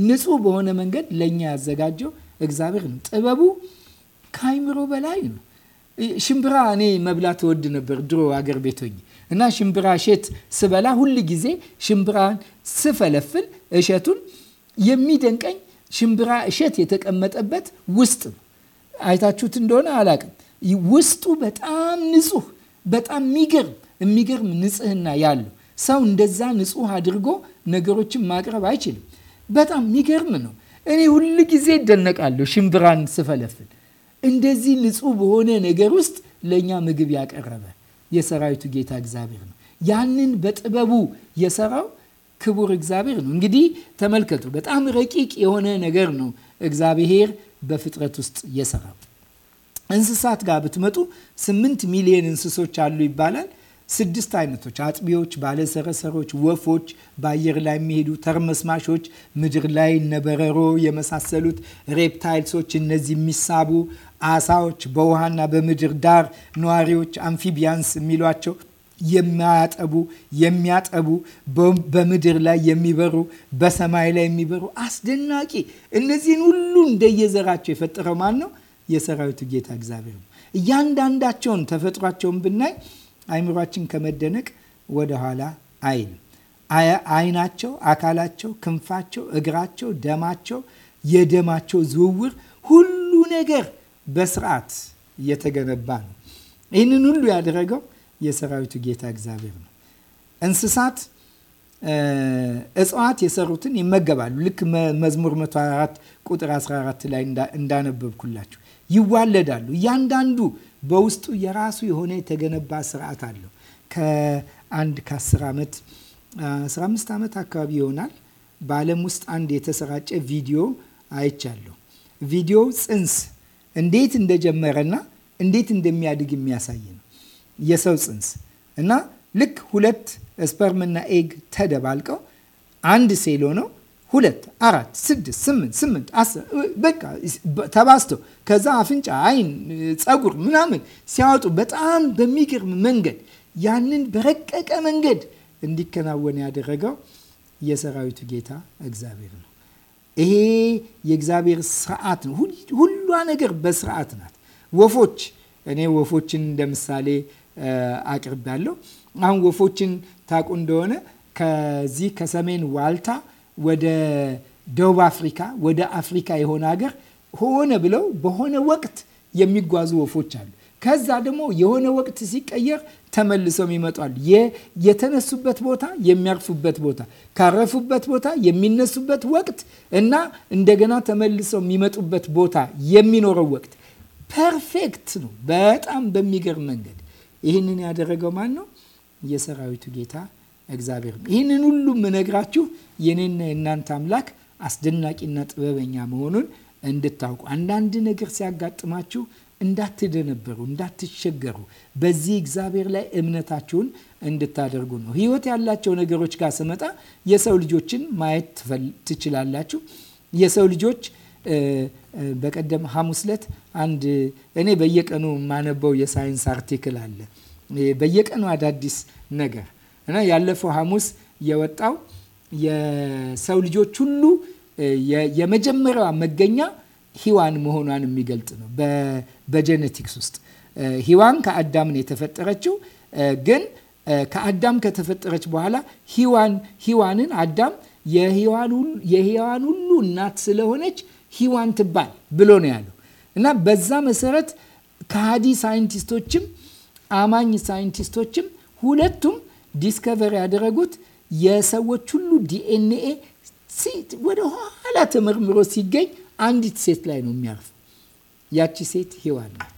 ንጹህ በሆነ መንገድ ለእኛ ያዘጋጀው እግዚአብሔር ነው። ጥበቡ ከአይምሮ በላይ ነው። ሽምብራ እኔ መብላት እወድ ነበር ድሮ አገር ቤቶኝ እና ሽምብራ እሸት ስበላ ሁል ጊዜ ሽምብራን ስፈለፍል እሸቱን የሚደንቀኝ ሽምብራ እሸት የተቀመጠበት ውስጥ ነው። አይታችሁት እንደሆነ አላቅም። ውስጡ በጣም ንጹህ፣ በጣም የሚገርም የሚገርም ንጽህና ያለው ሰው እንደዛ ንጹህ አድርጎ ነገሮችን ማቅረብ አይችልም። በጣም የሚገርም ነው። እኔ ሁል ጊዜ እደነቃለሁ። ሽምብራን ስፈለፍል እንደዚህ ንጹህ በሆነ ነገር ውስጥ ለእኛ ምግብ ያቀረበ የሰራዊቱ ጌታ እግዚአብሔር ነው። ያንን በጥበቡ የሰራው ክቡር እግዚአብሔር ነው። እንግዲህ ተመልከቱ፣ በጣም ረቂቅ የሆነ ነገር ነው እግዚአብሔር በፍጥረት ውስጥ የሰራው። እንስሳት ጋር ብትመጡ ስምንት ሚሊዮን እንስሶች አሉ ይባላል። ስድስት አይነቶች አጥቢዎች፣ ባለሰረሰሮች፣ ወፎች፣ በአየር ላይ የሚሄዱ ተርመስማሾች፣ ምድር ላይ ነበረሮ የመሳሰሉት ሬፕታይልሶች፣ እነዚህ የሚሳቡ አሳዎች፣ በውሃና በምድር ዳር ነዋሪዎች፣ አምፊቢያንስ የሚሏቸው የማያጠቡ የሚያጠቡ በምድር ላይ የሚበሩ በሰማይ ላይ የሚበሩ አስደናቂ እነዚህን ሁሉ እንደየዘራቸው የፈጠረው ማን ነው? የሰራዊቱ ጌታ እግዚአብሔር ነው። እያንዳንዳቸውን ተፈጥሯቸውን ብናይ አይምሯችን ከመደነቅ ወደኋላ አይል። አይናቸው፣ አካላቸው፣ ክንፋቸው፣ እግራቸው፣ ደማቸው፣ የደማቸው ዝውውር ሁሉ ነገር በስርዓት የተገነባ ነው። ይህንን ሁሉ ያደረገው የሰራዊቱ ጌታ እግዚአብሔር ነው። እንስሳት እጽዋት የሰሩትን ይመገባሉ። ልክ መዝሙር 104 ቁጥር 14 ላይ እንዳነበብኩላችሁ ይዋለዳሉ። እያንዳንዱ በውስጡ የራሱ የሆነ የተገነባ ስርዓት አለው። ከአንድ ከ10 ዓመት 15 ዓመት አካባቢ ይሆናል በዓለም ውስጥ አንድ የተሰራጨ ቪዲዮ አይቻለሁ። ቪዲዮ ጽንስ እንዴት እንደጀመረና እንዴት እንደሚያድግ የሚያሳይ ነው። የሰው ፅንስ እና ልክ ሁለት ስፐርምና ኤግ ተደባልቀው አንድ ሴል ሆነው ሁለት፣ አራት፣ ስድስት፣ ስምንት ስምንት በቃ ተባስተው ከዛ አፍንጫ፣ አይን፣ ፀጉር ምናምን ሲያወጡ በጣም በሚገርም መንገድ ያንን በረቀቀ መንገድ እንዲከናወን ያደረገው የሰራዊቱ ጌታ እግዚአብሔር ነው። ይሄ የእግዚአብሔር ስርዓት ነው። ሁሏ ነገር በስርዓት ናት። ወፎች እኔ ወፎችን እንደ ምሳሌ ያለው አሁን ወፎችን ታቁ እንደሆነ ከዚህ ከሰሜን ዋልታ ወደ ደቡብ አፍሪካ ወደ አፍሪካ የሆነ ሀገር ሆነ ብለው በሆነ ወቅት የሚጓዙ ወፎች አሉ። ከዛ ደግሞ የሆነ ወቅት ሲቀየር ተመልሰው ይመጣሉ። የተነሱበት ቦታ፣ የሚያርፉበት ቦታ፣ ካረፉበት ቦታ፣ የሚነሱበት ወቅት እና እንደገና ተመልሰው የሚመጡበት ቦታ የሚኖረው ወቅት ፐርፌክት ነው። በጣም በሚገርም መንገድ ይህንን ያደረገው ማን ነው? የሰራዊቱ ጌታ እግዚአብሔር ነው። ይህንን ሁሉ ምነግራችሁ የኔና የእናንተ አምላክ አስደናቂና ጥበበኛ መሆኑን እንድታውቁ አንዳንድ ነገር ሲያጋጥማችሁ እንዳትደነበሩ፣ እንዳትሸገሩ በዚህ እግዚአብሔር ላይ እምነታችሁን እንድታደርጉ ነው። ህይወት ያላቸው ነገሮች ጋር ስመጣ የሰው ልጆችን ማየት ትችላላችሁ። የሰው ልጆች በቀደም ሐሙስ ዕለት አንድ እኔ በየቀኑ የማነበው የሳይንስ አርቲክል አለ። በየቀኑ አዳዲስ ነገር እና ያለፈው ሐሙስ የወጣው የሰው ልጆች ሁሉ የመጀመሪያዋ መገኛ ሂዋን መሆኗን የሚገልጥ ነው። በጀኔቲክስ ውስጥ ሂዋን ከአዳም ነው የተፈጠረችው። ግን ከአዳም ከተፈጠረች በኋላ ሂዋን ሂዋንን አዳም የሂዋን ሁሉ እናት ስለሆነች ሂዋን ትባል ብሎ ነው ያለው እና በዛ መሰረት ከሃዲ ሳይንቲስቶችም አማኝ ሳይንቲስቶችም ሁለቱም ዲስከቨር ያደረጉት የሰዎች ሁሉ ዲኤንኤ ወደ ኋላ ተመርምሮ ሲገኝ አንዲት ሴት ላይ ነው የሚያርፍ። ያቺ ሴት ሔዋን ናት።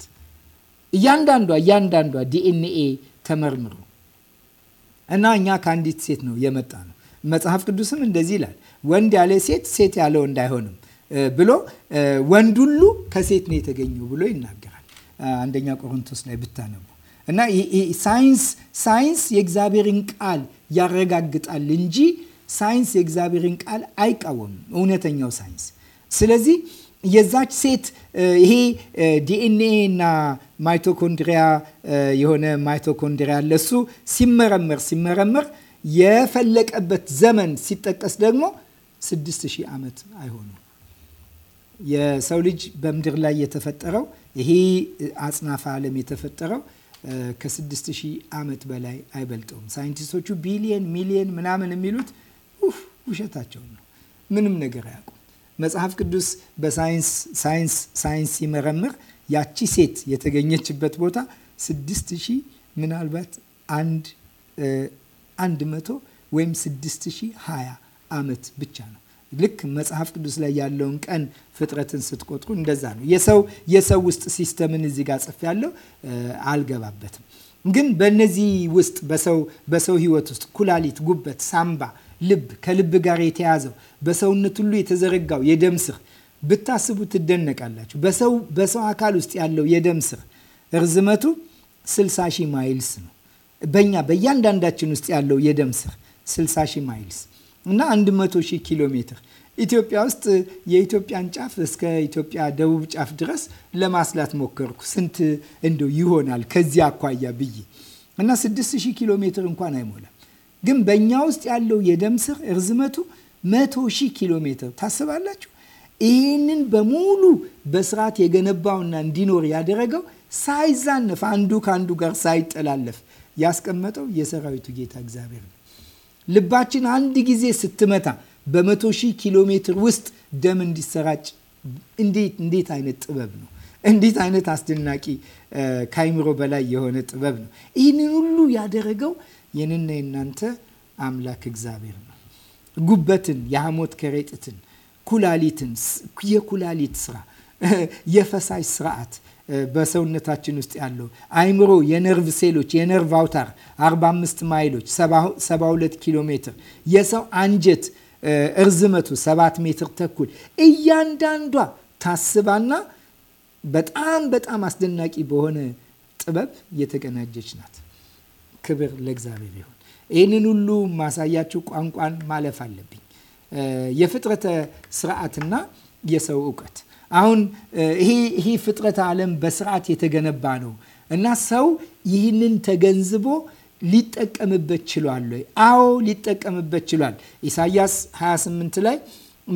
እያንዳንዷ እያንዳንዷ ዲኤንኤ ተመርምሮ እና እኛ ከአንዲት ሴት ነው የመጣ ነው። መጽሐፍ ቅዱስም እንደዚህ ይላል፣ ወንድ ያለ ሴት፣ ሴት ያለ ወንድ አይሆንም። ብሎ ወንድ ሁሉ ከሴት ነው የተገኘው ብሎ ይናገራል። አንደኛ ቆሮንቶስ ላይ ብታነቡ እና ሳይንስ ሳይንስ የእግዚአብሔርን ቃል ያረጋግጣል እንጂ ሳይንስ የእግዚአብሔርን ቃል አይቃወምም፣ እውነተኛው ሳይንስ። ስለዚህ የዛች ሴት ይሄ ዲኤንኤ እና ማይቶኮንድሪያ የሆነ ማይቶኮንድሪያ ለሱ ሲመረመር ሲመረመር የፈለቀበት ዘመን ሲጠቀስ ደግሞ 6 ሺህ ዓመት አይሆኑም የሰው ልጅ በምድር ላይ የተፈጠረው ይሄ አጽናፈ ዓለም የተፈጠረው ከ ሺህ ዓመት በላይ አይበልጠውም። ሳይንቲስቶቹ ቢሊየን ሚሊየን ምናምን የሚሉት ውሸታቸውን ነው። ምንም ነገር አያውቁም። መጽሐፍ ቅዱስ በሳይንስ ሳይንስ ሳይንስ ሲመረምር ያቺ ሴት የተገኘችበት ቦታ 6000 ምናልባት አንድ አንድ መቶ ወይም 6020 ዓመት ብቻ ነው ልክ መጽሐፍ ቅዱስ ላይ ያለውን ቀን ፍጥረትን ስትቆጥሩ እንደዛ ነው። የሰው የሰው ውስጥ ሲስተምን እዚህ ጋር ጽፍ ያለው አልገባበትም። ግን በእነዚህ ውስጥ በሰው በሰው ህይወት ውስጥ ኩላሊት፣ ጉበት፣ ሳምባ፣ ልብ፣ ከልብ ጋር የተያዘው በሰውነት ሁሉ የተዘረጋው የደም ስር ብታስቡ ትደነቃላችሁ። በሰው በሰው አካል ውስጥ ያለው የደም ስር ርዝመቱ 60 ሺህ ማይልስ ነው። በእኛ በእያንዳንዳችን ውስጥ ያለው የደም ስር 60 ሺህ ማይልስ እና 100 ሺህ ኪሎ ሜትር ኢትዮጵያ ውስጥ የኢትዮጵያን ጫፍ እስከ ኢትዮጵያ ደቡብ ጫፍ ድረስ ለማስላት ሞከርኩ። ስንት እንደው ይሆናል ከዚህ አኳያ ብዬ እና 6000 ኪሎ ሜትር እንኳን አይሞላም። ግን በእኛ ውስጥ ያለው የደም ስር እርዝመቱ 100 ሺህ ኪሎ ሜትር ታስባላችሁ። ይህንን በሙሉ በስርዓት የገነባውና እንዲኖር ያደረገው ሳይዛነፍ አንዱ ከአንዱ ጋር ሳይጠላለፍ ያስቀመጠው የሰራዊቱ ጌታ እግዚአብሔር ነው። ልባችን አንድ ጊዜ ስትመታ በመቶ ሺህ ኪሎ ሜትር ውስጥ ደም እንዲሰራጭ እንዴት እንዴት አይነት ጥበብ ነው! እንዴት አይነት አስደናቂ ከአይምሮ በላይ የሆነ ጥበብ ነው! ይህንን ሁሉ ያደረገው የኔና የናንተ አምላክ እግዚአብሔር ነው። ጉበትን፣ የሐሞት ከረጢትን፣ ኩላሊትን፣ የኩላሊት ስራ፣ የፈሳሽ ስርዓት በሰውነታችን ውስጥ ያለው አይምሮ፣ የነርቭ ሴሎች፣ የነርቭ አውታር 45 ማይሎች 72 ኪሎ ሜትር፣ የሰው አንጀት እርዝመቱ 7 ሜትር ተኩል እያንዳንዷ ታስባና በጣም በጣም አስደናቂ በሆነ ጥበብ የተቀናጀች ናት። ክብር ለእግዚአብሔር ይሁን። ይህንን ሁሉ ማሳያችሁ ቋንቋን ማለፍ አለብኝ። የፍጥረተ ስርዓትና የሰው እውቀት አሁን ይህ ፍጥረት ዓለም በስርዓት የተገነባ ነው እና ሰው ይህንን ተገንዝቦ ሊጠቀምበት ችሏል ወይ? አዎ ሊጠቀምበት ችሏል። ኢሳያስ 28 ላይ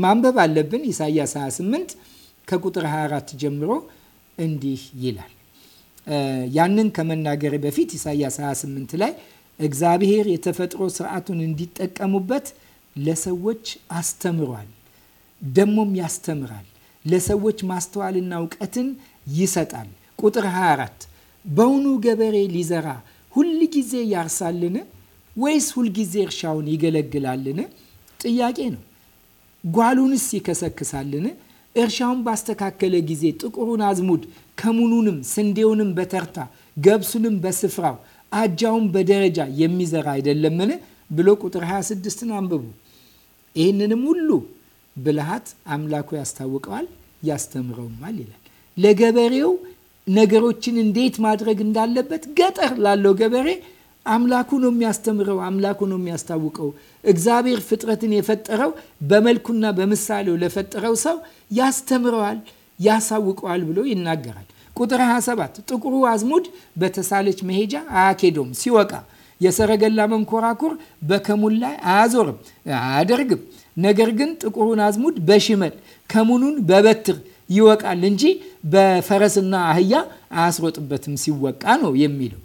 ማንበብ አለብን። ኢሳያስ 28 ከቁጥር 24 ጀምሮ እንዲህ ይላል። ያንን ከመናገር በፊት ኢሳያስ 28 ላይ እግዚአብሔር የተፈጥሮ ስርዓቱን እንዲጠቀሙበት ለሰዎች አስተምሯል፣ ደግሞም ያስተምራል ለሰዎች ማስተዋልና እውቀትን ይሰጣል። ቁጥር 24 በውኑ ገበሬ ሊዘራ ሁል ጊዜ ያርሳልን? ወይስ ሁል ጊዜ እርሻውን ይገለግላልን? ጥያቄ ነው። ጓሉንስ ይከሰክሳልን? እርሻውን ባስተካከለ ጊዜ ጥቁሩን አዝሙድ ከሙኑንም ስንዴውንም በተርታ ገብሱንም በስፍራው አጃውን በደረጃ የሚዘራ አይደለምን? ብሎ ቁጥር 26ን አንብቡ። ይህንንም ሁሉ ብልሃት አምላኩ ያስታውቀዋል፣ ያስተምረውማል ይላል። ለገበሬው ነገሮችን እንዴት ማድረግ እንዳለበት ገጠር ላለው ገበሬ አምላኩ ነው የሚያስተምረው፣ አምላኩ ነው የሚያስታውቀው። እግዚአብሔር ፍጥረትን የፈጠረው በመልኩና በምሳሌው ለፈጠረው ሰው ያስተምረዋል፣ ያሳውቀዋል ብሎ ይናገራል። ቁጥር 27 ጥቁሩ አዝሙድ በተሳለች መሄጃ አያኬዶም፣ ሲወቃ የሰረገላ መንኮራኩር በከሙን ላይ አያዞርም፣ አያደርግም ነገር ግን ጥቁሩን አዝሙድ በሽመል ከሙኑን በበትር ይወቃል እንጂ በፈረስና አህያ አያስሮጥበትም ሲወቃ ነው የሚለው።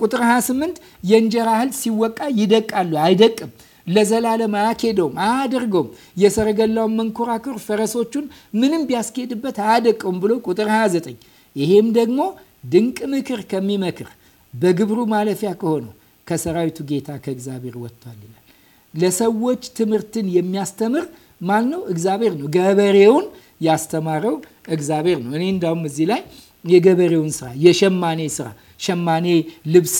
ቁጥር 28 የእንጀራ እህል ሲወቃ ይደቃሉ፣ አይደቅም፣ ለዘላለም አያኬደውም፣ አያደርገውም። የሰረገላውን መንኮራኩር ፈረሶቹን ምንም ቢያስኬድበት አያደቀውም ብሎ ቁጥር 29 ይሄም ደግሞ ድንቅ ምክር ከሚመክር በግብሩ ማለፊያ ከሆነው ከሰራዊቱ ጌታ ከእግዚአብሔር ወጥቷል ይላል። ለሰዎች ትምህርትን የሚያስተምር ማን ነው? እግዚአብሔር ነው። ገበሬውን ያስተማረው እግዚአብሔር ነው። እኔ እንዳውም እዚህ ላይ የገበሬውን ስራ የሸማኔ ስራ ሸማኔ ልብስ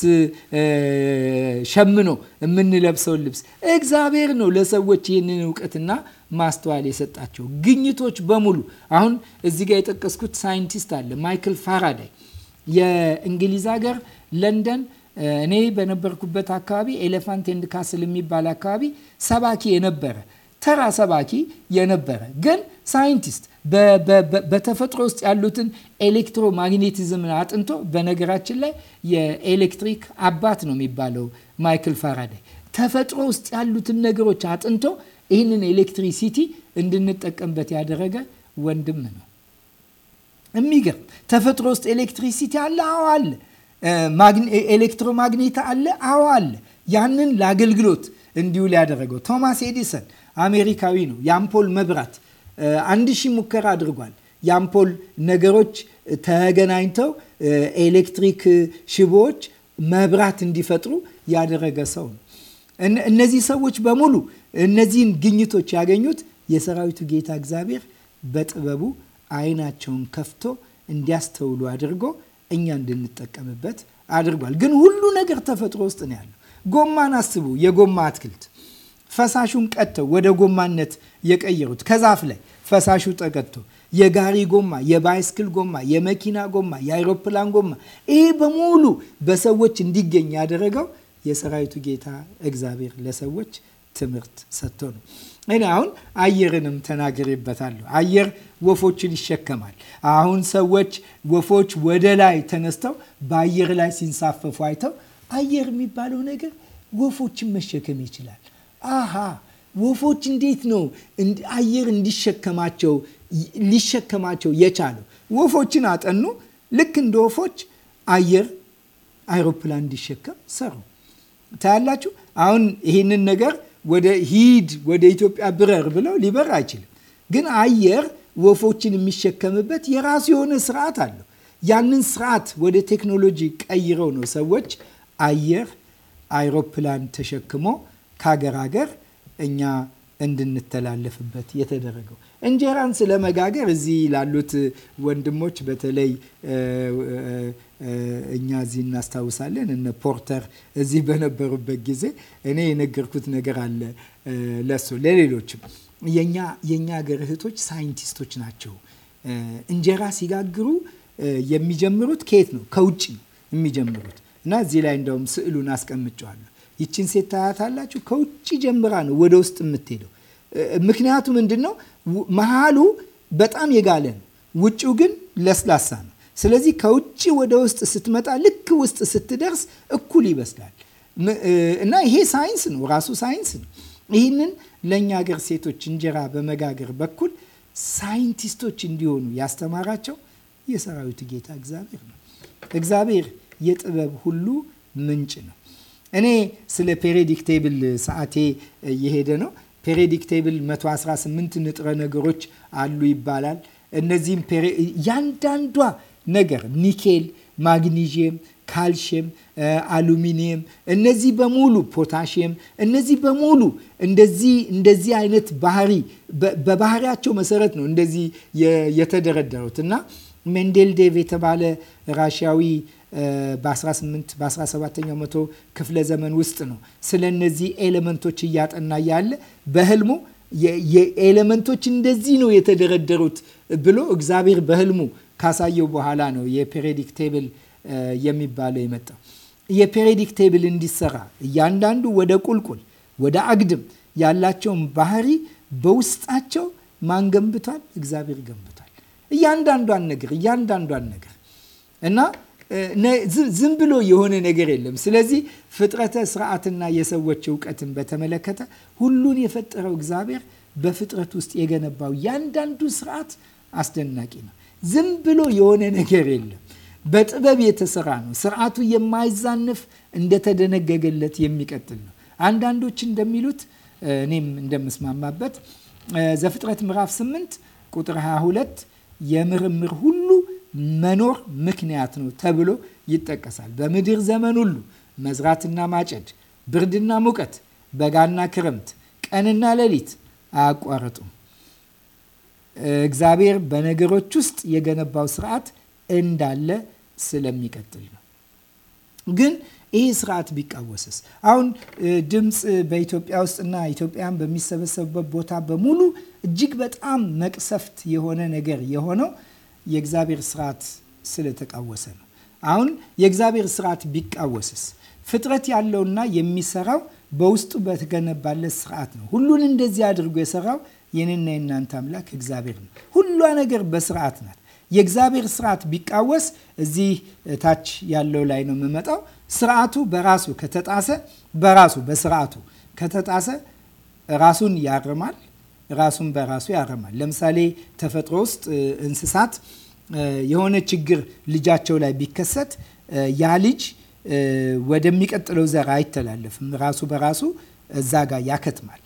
ሸምኖ የምንለብሰውን ልብስ እግዚአብሔር ነው ለሰዎች ይህንን እውቀትና ማስተዋል የሰጣቸው ግኝቶች በሙሉ አሁን እዚህ ጋር የጠቀስኩት ሳይንቲስት አለ ማይክል ፋራዳይ የእንግሊዝ ሀገር ለንደን እኔ በነበርኩበት አካባቢ ኤሌፋንት ኤንድ ካስል የሚባል አካባቢ ሰባኪ የነበረ ተራ ሰባኪ የነበረ ግን ሳይንቲስት በተፈጥሮ ውስጥ ያሉትን ኤሌክትሮማግኔቲዝምን አጥንቶ በነገራችን ላይ የኤሌክትሪክ አባት ነው የሚባለው ማይክል ፋራዳይ ተፈጥሮ ውስጥ ያሉትን ነገሮች አጥንቶ ይህንን ኤሌክትሪሲቲ እንድንጠቀምበት ያደረገ ወንድም ነው። የሚገርም ተፈጥሮ ውስጥ ኤሌክትሪሲቲ አለ። አዎ አለ። ኤሌክትሮማግኔት አለ? አዎ አለ። ያንን ለአገልግሎት እንዲውል ያደረገው ቶማስ ኤዲሰን አሜሪካዊ ነው። የአምፖል መብራት አንድ ሺህ ሙከራ አድርጓል። የአምፖል ነገሮች ተገናኝተው ኤሌክትሪክ ሽቦዎች መብራት እንዲፈጥሩ ያደረገ ሰው ነው። እነዚህ ሰዎች በሙሉ እነዚህን ግኝቶች ያገኙት የሰራዊቱ ጌታ እግዚአብሔር በጥበቡ አይናቸውን ከፍቶ እንዲያስተውሉ አድርጎ እኛ እንድንጠቀምበት አድርጓል። ግን ሁሉ ነገር ተፈጥሮ ውስጥ ነው ያለው። ጎማን አስቡ። የጎማ አትክልት ፈሳሹን ቀጥተው ወደ ጎማነት የቀየሩት ከዛፍ ላይ ፈሳሹ ተቀጥቶ የጋሪ ጎማ፣ የባይስክል ጎማ፣ የመኪና ጎማ፣ የአይሮፕላን ጎማ፣ ይህ በሙሉ በሰዎች እንዲገኝ ያደረገው የሰራዊቱ ጌታ እግዚአብሔር ለሰዎች ትምህርት ሰጥቶ ነው። እኔ አሁን አየርንም ተናግሬበታለሁ። አየር ወፎችን ይሸከማል። አሁን ሰዎች ወፎች ወደ ላይ ተነስተው በአየር ላይ ሲንሳፈፉ አይተው አየር የሚባለው ነገር ወፎችን መሸከም ይችላል። አሃ ወፎች እንዴት ነው አየር እንዲሸከማቸው ሊሸከማቸው የቻለው? ወፎችን አጠኑ። ልክ እንደ ወፎች አየር አይሮፕላን እንዲሸከም ሰሩ። ታያላችሁ። አሁን ይህንን ነገር ወደ ሂድ ወደ ኢትዮጵያ ብረር ብለው ሊበር አይችልም፣ ግን አየር ወፎችን የሚሸከምበት የራሱ የሆነ ስርዓት አለው። ያንን ስርዓት ወደ ቴክኖሎጂ ቀይረው ነው ሰዎች አየር አይሮፕላን ተሸክሞ ከሀገር ሀገር እኛ እንድንተላለፍበት የተደረገው። እንጀራን ስለመጋገር እዚህ ላሉት ወንድሞች በተለይ እኛ እዚህ እናስታውሳለን። እነ ፖርተር እዚህ በነበሩበት ጊዜ እኔ የነገርኩት ነገር አለ ለሱ ለሌሎችም የእኛ ሀገር እህቶች ሳይንቲስቶች ናቸው። እንጀራ ሲጋግሩ የሚጀምሩት ከየት ነው? ከውጭ ነው የሚጀምሩት እና እዚህ ላይ እንደውም ስዕሉን አስቀምጨዋለሁ። ይችን ሴት ታያታላችሁ። ከውጭ ጀምራ ነው ወደ ውስጥ የምትሄደው። ምክንያቱ ምንድን ነው? መሀሉ በጣም የጋለ ነው፣ ውጭው ግን ለስላሳ ነው። ስለዚህ ከውጭ ወደ ውስጥ ስትመጣ ልክ ውስጥ ስትደርስ እኩል ይበስላል እና ይሄ ሳይንስ ነው፣ ራሱ ሳይንስ ነው። ይህንን ለእኛ ሀገር ሴቶች እንጀራ በመጋገር በኩል ሳይንቲስቶች እንዲሆኑ ያስተማራቸው የሰራዊቱ ጌታ እግዚአብሔር ነው። እግዚአብሔር የጥበብ ሁሉ ምንጭ ነው። እኔ ስለ ፔሬዲክቴብል ሰዓቴ እየሄደ ነው። ፔሬዲክቴብል 118 ንጥረ ነገሮች አሉ ይባላል። እነዚህም ያንዳንዷ ነገር ኒኬል፣ ማግኒዥየም ካልሽየም፣ አሉሚኒየም እነዚህ በሙሉ ፖታሽየም እነዚህ በሙሉ እንደዚህ እንደዚህ አይነት ባህሪ በባህሪያቸው መሰረት ነው እንደዚህ የተደረደሩት እና ሜንዴል ዴቭ የተባለ ራሽያዊ በ18 በ17ኛው መቶ ክፍለ ዘመን ውስጥ ነው ስለ እነዚህ ኤሌመንቶች እያጠና ያለ በህልሙ የኤሌመንቶች እንደዚህ ነው የተደረደሩት ብሎ እግዚአብሔር በህልሙ ካሳየው በኋላ ነው የፔሬዲክ ቴብል የሚባለው የመጣው የፔሬዲክ ቴብል እንዲሰራ እያንዳንዱ ወደ ቁልቁል ወደ አግድም ያላቸውን ባህሪ በውስጣቸው ማን ገንብቷል? እግዚአብሔር ገንብቷል። እያንዳንዷን ነገር እያንዳንዷን ነገር እና ዝም ብሎ የሆነ ነገር የለም። ስለዚህ ፍጥረተ ስርዓትና የሰዎች እውቀትን በተመለከተ ሁሉን የፈጠረው እግዚአብሔር በፍጥረት ውስጥ የገነባው እያንዳንዱ ስርዓት አስደናቂ ነው። ዝም ብሎ የሆነ ነገር የለም። በጥበብ የተሰራ ነው። ስርዓቱ የማይዛነፍ እንደተደነገገለት የሚቀጥል ነው። አንዳንዶች እንደሚሉት እኔም እንደምስማማበት ዘፍጥረት ምዕራፍ 8 ቁጥር 22 የምርምር ሁሉ መኖር ምክንያት ነው ተብሎ ይጠቀሳል። በምድር ዘመን ሁሉ መዝራትና ማጨድ፣ ብርድና ሙቀት፣ በጋና ክረምት፣ ቀንና ሌሊት አያቋረጡም። እግዚአብሔር በነገሮች ውስጥ የገነባው ስርዓት እንዳለ ስለሚቀጥል ነው። ግን ይህ ስርዓት ቢቃወስስ አሁን ድምፅ በኢትዮጵያ ውስጥና ኢትዮጵያን በሚሰበሰብበት ቦታ በሙሉ እጅግ በጣም መቅሰፍት የሆነ ነገር የሆነው የእግዚአብሔር ስርዓት ስለተቃወሰ ነው። አሁን የእግዚአብሔር ስርዓት ቢቃወስስ ፍጥረት ያለውና የሚሰራው በውስጡ በተገነባለት ስርዓት ነው። ሁሉን እንደዚህ አድርጎ የሰራው የኔና የናንተ አምላክ እግዚአብሔር ነው። ሁሏ ነገር በስርዓት ናት። የእግዚአብሔር ስርዓት ቢቃወስ እዚህ ታች ያለው ላይ ነው የምመጣው። ስርዓቱ በራሱ ከተጣሰ በራሱ በስርዓቱ ከተጣሰ ራሱን ያርማል። ራሱን በራሱ ያርማል። ለምሳሌ ተፈጥሮ ውስጥ እንስሳት የሆነ ችግር ልጃቸው ላይ ቢከሰት ያ ልጅ ወደሚቀጥለው ዘር አይተላለፍም። ራሱ በራሱ እዛ ጋር ያከትማል።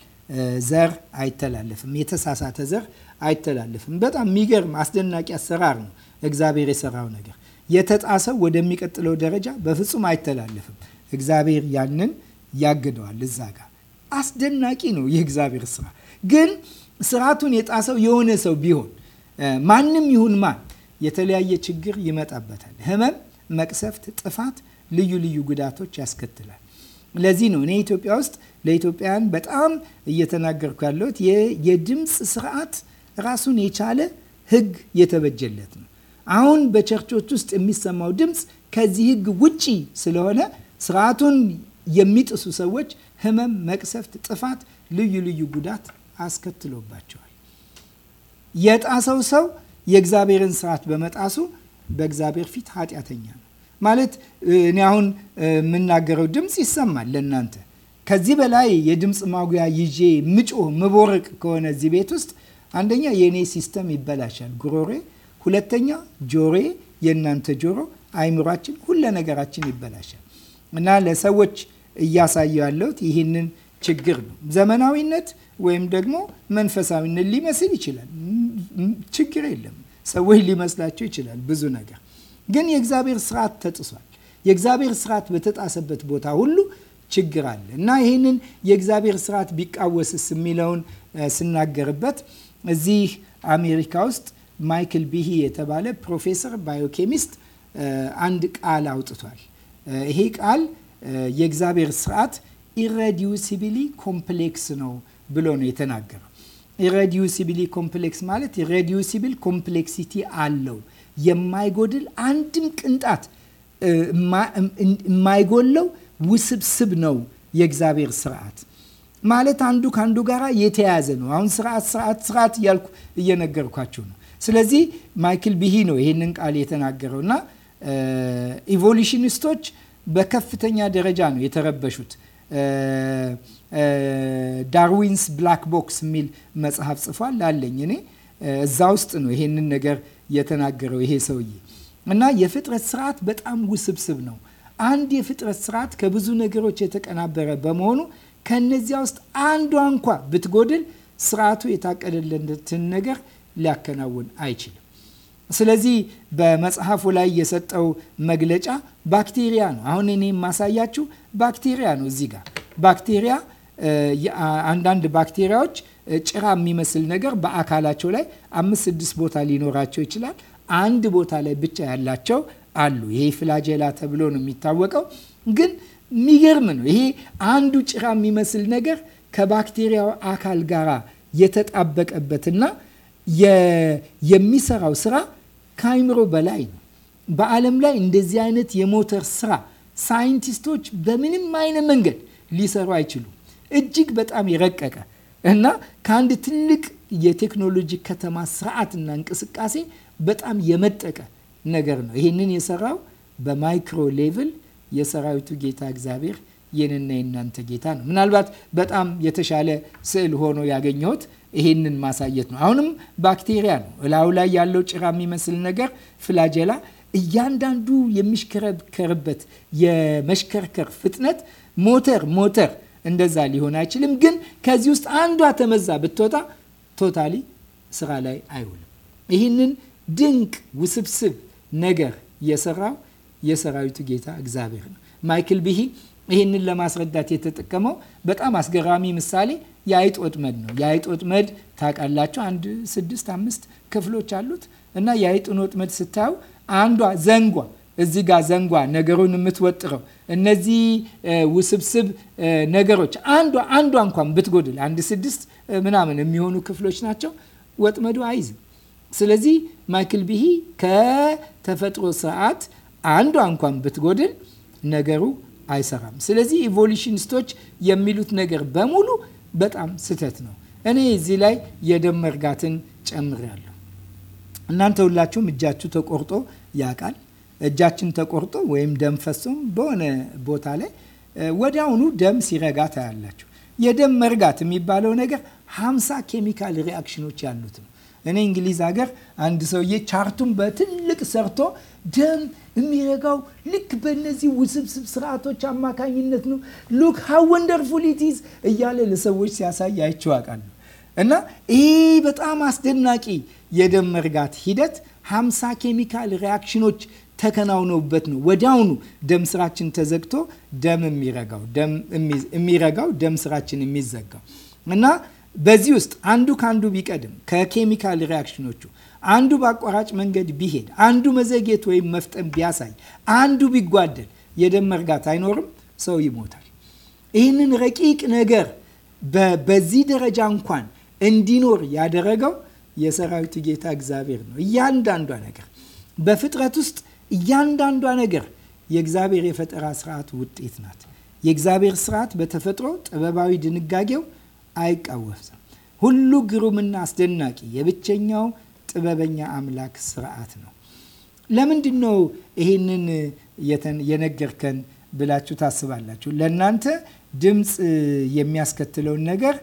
ዘር አይተላለፍም፣ የተሳሳተ ዘር አይተላለፍም። በጣም የሚገርም አስደናቂ አሰራር ነው እግዚአብሔር የሰራው ነገር። የተጣሰው ወደሚቀጥለው ደረጃ በፍጹም አይተላለፍም። እግዚአብሔር ያንን ያግደዋል እዛ ጋር። አስደናቂ ነው ይህ እግዚአብሔር ስራ። ግን ስርዓቱን የጣሰው የሆነ ሰው ቢሆን ማንም ይሁን ማን የተለያየ ችግር ይመጣበታል። ህመም፣ መቅሰፍት፣ ጥፋት፣ ልዩ ልዩ ጉዳቶች ያስከትላል። ለዚህ ነው እኔ ኢትዮጵያ ውስጥ ለኢትዮጵያውያን በጣም እየተናገርኩ ያለሁት የድምፅ ስርዓት ራሱን የቻለ ህግ የተበጀለት ነው። አሁን በቸርቾች ውስጥ የሚሰማው ድምፅ ከዚህ ህግ ውጪ ስለሆነ ስርዓቱን የሚጥሱ ሰዎች ህመም፣ መቅሰፍት፣ ጥፋት፣ ልዩ ልዩ ጉዳት አስከትሎባቸዋል። የጣሰው ሰው የእግዚአብሔርን ስርዓት በመጣሱ በእግዚአብሔር ፊት ኃጢአተኛ ነው ማለት እኔ አሁን የምናገረው ድምፅ ይሰማል ለእናንተ ከዚህ በላይ የድምፅ ማጉያ ይዤ ምጮ ምቦርቅ ከሆነ እዚህ ቤት ውስጥ አንደኛ የእኔ ሲስተም ይበላሻል፣ ጉሮሬ፣ ሁለተኛ ጆሬ፣ የእናንተ ጆሮ፣ አይምሯችን፣ ሁለ ነገራችን ይበላሻል እና ለሰዎች እያሳየው ያለሁት ይህንን ችግር ነው። ዘመናዊነት ወይም ደግሞ መንፈሳዊነት ሊመስል ይችላል። ችግር የለም። ሰዎች ሊመስላቸው ይችላል ብዙ ነገር። ግን የእግዚአብሔር ስርዓት ተጥሷል። የእግዚአብሔር ስርዓት በተጣሰበት ቦታ ሁሉ ችግር አለ እና ይህንን የእግዚአብሔር ስርዓት ቢቃወስስ የሚለውን ስናገርበት እዚህ አሜሪካ ውስጥ ማይክል ቢሂ የተባለ ፕሮፌሰር ባዮኬሚስት አንድ ቃል አውጥቷል። ይሄ ቃል የእግዚአብሔር ስርዓት ኢረዲዩሲብሊ ኮምፕሌክስ ነው ብሎ ነው የተናገረው። ኢረዲዩሲብሊ ኮምፕሌክስ ማለት ኢረዲዩሲብል ኮምፕሌክሲቲ አለው የማይጎድል አንድም ቅንጣት የማይጎለው ውስብስብ ነው የእግዚአብሔር ስርዓት ማለት አንዱ ከአንዱ ጋር የተያያዘ ነው። አሁን ስርዓት ስርዓት ስርዓት እያልኩ እየነገርኳችሁ ነው። ስለዚህ ማይክል ቢሂ ነው ይህንን ቃል የተናገረው እና ኢቮሉሽኒስቶች በከፍተኛ ደረጃ ነው የተረበሹት። ዳርዊንስ ብላክ ቦክስ የሚል መጽሐፍ ጽፏል ላለኝ እኔ እዛ ውስጥ ነው ይሄንን ነገር የተናገረው ይሄ ሰውዬ እና የፍጥረት ስርዓት በጣም ውስብስብ ነው አንድ የፍጥረት ስርዓት ከብዙ ነገሮች የተቀናበረ በመሆኑ ከነዚያ ውስጥ አንዷ እንኳ ብትጎድል ስርዓቱ የታቀደለትን ነገር ሊያከናውን አይችልም። ስለዚህ በመጽሐፉ ላይ የሰጠው መግለጫ ባክቴሪያ ነው። አሁን እኔ የማሳያችሁ ባክቴሪያ ነው። እዚህ ጋር ባክቴሪያ፣ አንዳንድ ባክቴሪያዎች ጭራ የሚመስል ነገር በአካላቸው ላይ አምስት ስድስት ቦታ ሊኖራቸው ይችላል። አንድ ቦታ ላይ ብቻ ያላቸው አሉ። ይሄ ፍላጀላ ተብሎ ነው የሚታወቀው። ግን የሚገርም ነው። ይሄ አንዱ ጭራ የሚመስል ነገር ከባክቴሪያው አካል ጋር የተጣበቀበትና የሚሰራው ስራ ከአይምሮ በላይ ነው። በዓለም ላይ እንደዚህ አይነት የሞተር ስራ ሳይንቲስቶች በምንም አይነት መንገድ ሊሰሩ አይችሉም። እጅግ በጣም የረቀቀ እና ከአንድ ትልቅ የቴክኖሎጂ ከተማ ስርዓትና እንቅስቃሴ በጣም የመጠቀ ነገር ነው። ይህንን የሰራው በማይክሮ ሌቭል የሰራዊቱ ጌታ እግዚአብሔር የኔና የእናንተ ጌታ ነው። ምናልባት በጣም የተሻለ ስዕል ሆኖ ያገኘሁት ይህንን ማሳየት ነው። አሁንም ባክቴሪያ ነው። እላዩ ላይ ያለው ጭራ የሚመስል ነገር ፍላጀላ፣ እያንዳንዱ የሚሽከረከርበት የመሽከርከር ፍጥነት ሞተር ሞተር እንደዛ ሊሆን አይችልም። ግን ከዚህ ውስጥ አንዷ ተመዛ ብትወጣ ቶታሊ ስራ ላይ አይውልም። ይህንን ድንቅ ውስብስብ ነገር የሰራው የሰራዊቱ ጌታ እግዚአብሔር ነው። ማይክል ቢሂ ይህንን ለማስረዳት የተጠቀመው በጣም አስገራሚ ምሳሌ የአይጥ ወጥመድ ነው። የአይጥ ወጥመድ ታውቃላችሁ፣ አንድ ስድስት አምስት ክፍሎች አሉት እና የአይጥን ወጥመድ ስታዩ አንዷ ዘንጓ እዚህ ጋር ዘንጓ ነገሩን የምትወጥረው እነዚህ ውስብስብ ነገሮች አንዷ አንዷ እንኳን ብትጎድል አንድ ስድስት ምናምን የሚሆኑ ክፍሎች ናቸው፣ ወጥመዱ አይዝም። ስለዚህ ማይክል ቢሂ ተፈጥሮ ስርዓት አንዷ እንኳን ብትጎድል ነገሩ አይሰራም። ስለዚህ ኢቮሉሽኒስቶች የሚሉት ነገር በሙሉ በጣም ስህተት ነው። እኔ እዚህ ላይ የደም መርጋትን ጨምሬያለሁ። እናንተ ሁላችሁም እጃችሁ ተቆርጦ ያውቃል። እጃችን ተቆርጦ ወይም ደም ፈሶም በሆነ ቦታ ላይ ወዲያውኑ ደም ሲረጋ ታያላችሁ። የደም መርጋት የሚባለው ነገር ሀምሳ ኬሚካል ሪአክሽኖች ያሉት ነው። እኔ እንግሊዝ ሀገር አንድ ሰውዬ ቻርቱን በትልቅ ሰርቶ ደም የሚረጋው ልክ በእነዚህ ውስብስብ ስርዓቶች አማካኝነት ነው፣ ሉክ ሀ ወንደርፉል ኢት እያለ ለሰዎች ሲያሳይ አይቼው አውቃለሁ። እና ይህ በጣም አስደናቂ የደም መርጋት ሂደት ሀምሳ ኬሚካል ሪያክሽኖች ተከናውነውበት ነው ወዲያውኑ ደም ስራችን ተዘግቶ ደም የሚረጋው ደም የሚረጋው ደም ስራችን የሚዘጋው እና በዚህ ውስጥ አንዱ ከአንዱ ቢቀድም ከኬሚካል ሪያክሽኖቹ አንዱ በአቋራጭ መንገድ ቢሄድ፣ አንዱ መዘግየት ወይም መፍጠን ቢያሳይ፣ አንዱ ቢጓደል የደም መርጋት አይኖርም፣ ሰው ይሞታል። ይህንን ረቂቅ ነገር በዚህ ደረጃ እንኳን እንዲኖር ያደረገው የሰራዊቱ ጌታ እግዚአብሔር ነው። እያንዳንዷ ነገር በፍጥረት ውስጥ እያንዳንዷ ነገር የእግዚአብሔር የፈጠራ ስርዓት ውጤት ናት። የእግዚአብሔር ስርዓት በተፈጥሮ ጥበባዊ ድንጋጌው አይቃወስም። ሁሉ ግሩምና አስደናቂ የብቸኛው ጥበበኛ አምላክ ስርዓት ነው። ለምንድን ነው ይህንን የነገርከን ብላችሁ ታስባላችሁ? ለእናንተ ድምፅ የሚያስከትለውን ነገር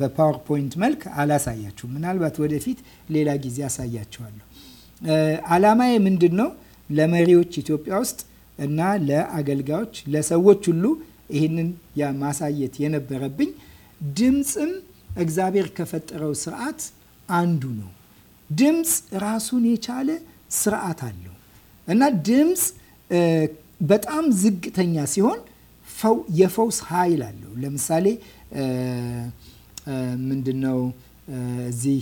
በፓወርፖይንት መልክ አላሳያችሁ። ምናልባት ወደፊት ሌላ ጊዜ አሳያችኋለሁ። አላማ ምንድን ነው? ለመሪዎች ኢትዮጵያ ውስጥ እና ለአገልጋዮች፣ ለሰዎች ሁሉ ይህንን ማሳየት የነበረብኝ ድምፅም እግዚአብሔር ከፈጠረው ስርዓት አንዱ ነው። ድምፅ ራሱን የቻለ ስርዓት አለው እና ድምፅ በጣም ዝግተኛ ሲሆን የፈውስ ኃይል አለው። ለምሳሌ ምንድነው እዚህ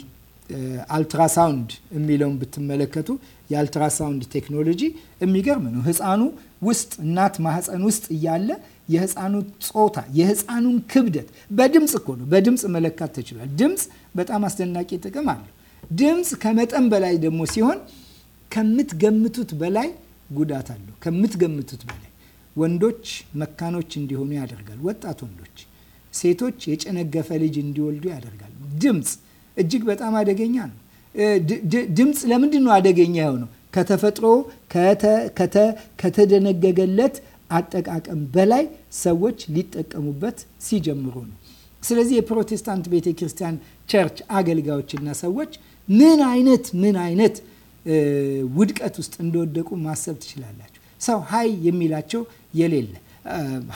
አልትራሳውንድ የሚለውን ብትመለከቱ የአልትራሳውንድ ቴክኖሎጂ የሚገርም ነው። ህፃኑ ውስጥ እናት ማህፀን ውስጥ እያለ የህፃኑ ጾታ፣ የህፃኑን ክብደት በድምፅ እኮ ነው፣ በድምፅ መለካት ተችሏል። ድምፅ በጣም አስደናቂ ጥቅም አለው። ድምፅ ከመጠን በላይ ደግሞ ሲሆን ከምትገምቱት በላይ ጉዳት አለው። ከምትገምቱት በላይ ወንዶች መካኖች እንዲሆኑ ያደርጋል፣ ወጣት ወንዶች። ሴቶች የጨነገፈ ልጅ እንዲወልዱ ያደርጋል። ድምፅ እጅግ በጣም አደገኛ ነው። ድምፅ ለምንድን ነው አደገኛ የሆነው? ከተፈጥሮ ከተደነገገለት አጠቃቀም በላይ ሰዎች ሊጠቀሙበት ሲጀምሩ ነው። ስለዚህ የፕሮቴስታንት ቤተ ክርስቲያን ቸርች አገልጋዮችና ሰዎች ምን አይነት ምን አይነት ውድቀት ውስጥ እንደወደቁ ማሰብ ትችላላችሁ። ሰው ሀይ የሚላቸው የሌለ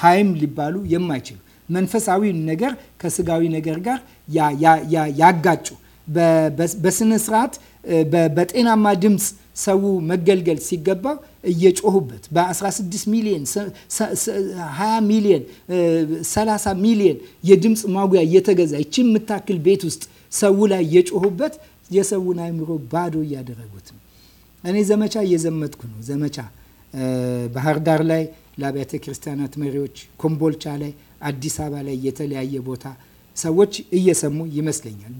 ሀይም ሊባሉ የማይችሉ መንፈሳዊ ነገር ከስጋዊ ነገር ጋር ያጋጩ በስነ ስርዓት በጤናማ ድምፅ ሰው መገልገል ሲገባ እየጮሁበት በ16 ሚሊዮን 20 ሚሊዮን 30 ሚሊዮን የድምፅ ማጉያ እየተገዛ ይቺ የምታክል ቤት ውስጥ ሰው ላይ እየጮሁበት የሰውን አይምሮ ባዶ እያደረጉት ነው። እኔ ዘመቻ እየዘመትኩ ነው። ዘመቻ ባህር ዳር ላይ ለአብያተ ክርስቲያናት መሪዎች፣ ኮምቦልቻ ላይ፣ አዲስ አበባ ላይ የተለያየ ቦታ ሰዎች እየሰሙ ይመስለኛል።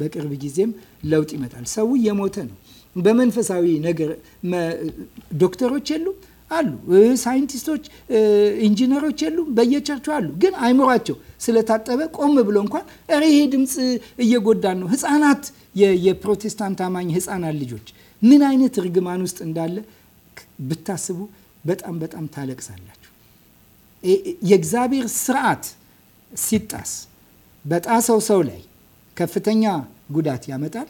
በቅርብ ጊዜም ለውጥ ይመጣል። ሰው እየሞተ ነው። በመንፈሳዊ ነገር ዶክተሮች የሉም አሉ፣ ሳይንቲስቶች፣ ኢንጂነሮች የሉም በየቸርቹ አሉ። ግን አይምሯቸው ስለታጠበ ቆም ብሎ እንኳን ኧረ ይሄ ድምፅ እየጎዳን ነው። ህፃናት፣ የፕሮቴስታንት አማኝ ህፃናት ልጆች ምን አይነት እርግማን ውስጥ እንዳለ ብታስቡ በጣም በጣም ታለቅሳላችሁ። የእግዚአብሔር ስርዓት ሲጣስ በጣሰው ሰው ላይ ከፍተኛ ጉዳት ያመጣል።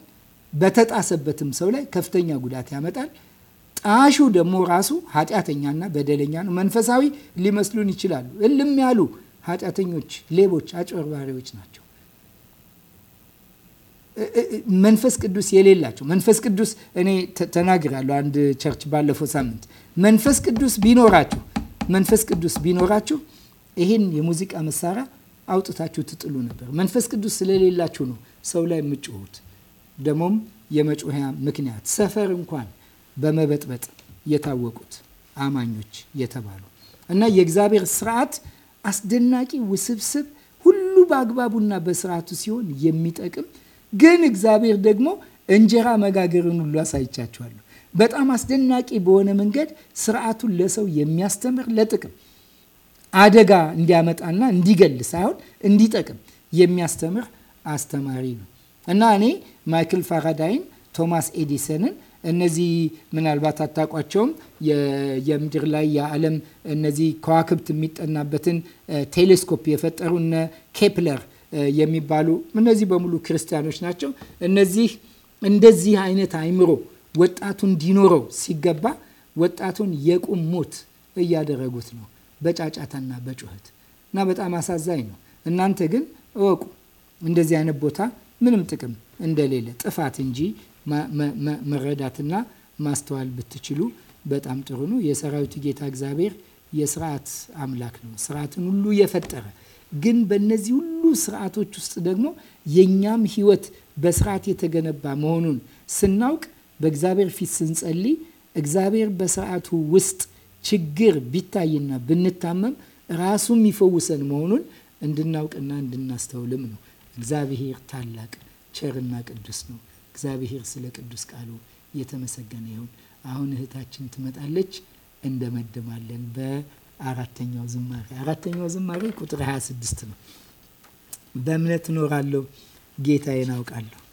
በተጣሰበትም ሰው ላይ ከፍተኛ ጉዳት ያመጣል። ጣሹ ደግሞ ራሱ ኃጢአተኛና በደለኛ ነው። መንፈሳዊ ሊመስሉን ይችላሉ። እልም ያሉ ኃጢአተኞች፣ ሌቦች፣ አጭበርባሪዎች ናቸው። መንፈስ ቅዱስ የሌላቸው መንፈስ ቅዱስ እኔ ተናግራለሁ። አንድ ቸርች ባለፈው ሳምንት መንፈስ ቅዱስ ቢኖራችሁ መንፈስ ቅዱስ ቢኖራችሁ ይህን የሙዚቃ መሳሪያ አውጥታችሁ ትጥሉ ነበር። መንፈስ ቅዱስ ስለሌላችሁ ነው ሰው ላይ የምጮሁት። ደግሞም የመጮያ ምክንያት ሰፈር እንኳን በመበጥበጥ የታወቁት አማኞች የተባሉ እና የእግዚአብሔር ስርዓት አስደናቂ ውስብስብ፣ ሁሉ በአግባቡና በስርዓቱ ሲሆን የሚጠቅም ግን እግዚአብሔር ደግሞ እንጀራ መጋገርን ሁሉ አሳይቻችኋለሁ። በጣም አስደናቂ በሆነ መንገድ ስርዓቱን ለሰው የሚያስተምር ለጥቅም አደጋ እንዲያመጣና እንዲገል ሳይሆን እንዲጠቅም የሚያስተምር አስተማሪ ነው እና እኔ ማይክል ፋራዳይን፣ ቶማስ ኤዲሰንን እነዚህ ምናልባት አታውቋቸውም። የምድር ላይ የዓለም እነዚህ ከዋክብት የሚጠናበትን ቴሌስኮፕ የፈጠሩ እነ ኬፕለር የሚባሉ እነዚህ በሙሉ ክርስቲያኖች ናቸው። እነዚህ እንደዚህ አይነት አይምሮ ወጣቱ እንዲኖረው ሲገባ ወጣቱን የቁም ሞት እያደረጉት ነው። በጫጫታና በጩኸት እና በጣም አሳዛኝ ነው። እናንተ ግን እወቁ እንደዚህ አይነት ቦታ ምንም ጥቅም እንደሌለ ጥፋት እንጂ መረዳትና ማስተዋል ብትችሉ በጣም ጥሩ ነው። የሰራዊቱ ጌታ እግዚአብሔር የስርዓት አምላክ ነው፣ ስርዓትን ሁሉ የፈጠረ ግን በእነዚህ ሁሉ ስርዓቶች ውስጥ ደግሞ የእኛም ህይወት በስርዓት የተገነባ መሆኑን ስናውቅ በእግዚአብሔር ፊት ስንጸልይ እግዚአብሔር በስርዓቱ ውስጥ ችግር ቢታይና ብንታመም ራሱ የሚፈውሰን መሆኑን እንድናውቅና እንድናስተውልም ነው። እግዚአብሔር ታላቅ ቸርና ቅዱስ ነው። እግዚአብሔር ስለ ቅዱስ ቃሉ የተመሰገነ ይሁን። አሁን እህታችን ትመጣለች፣ እንደመድማለን በአራተኛው ዝማሬ። አራተኛው ዝማሬ ቁጥር 26 ነው። በእምነት እኖራለሁ ጌታዬን አውቃለሁ።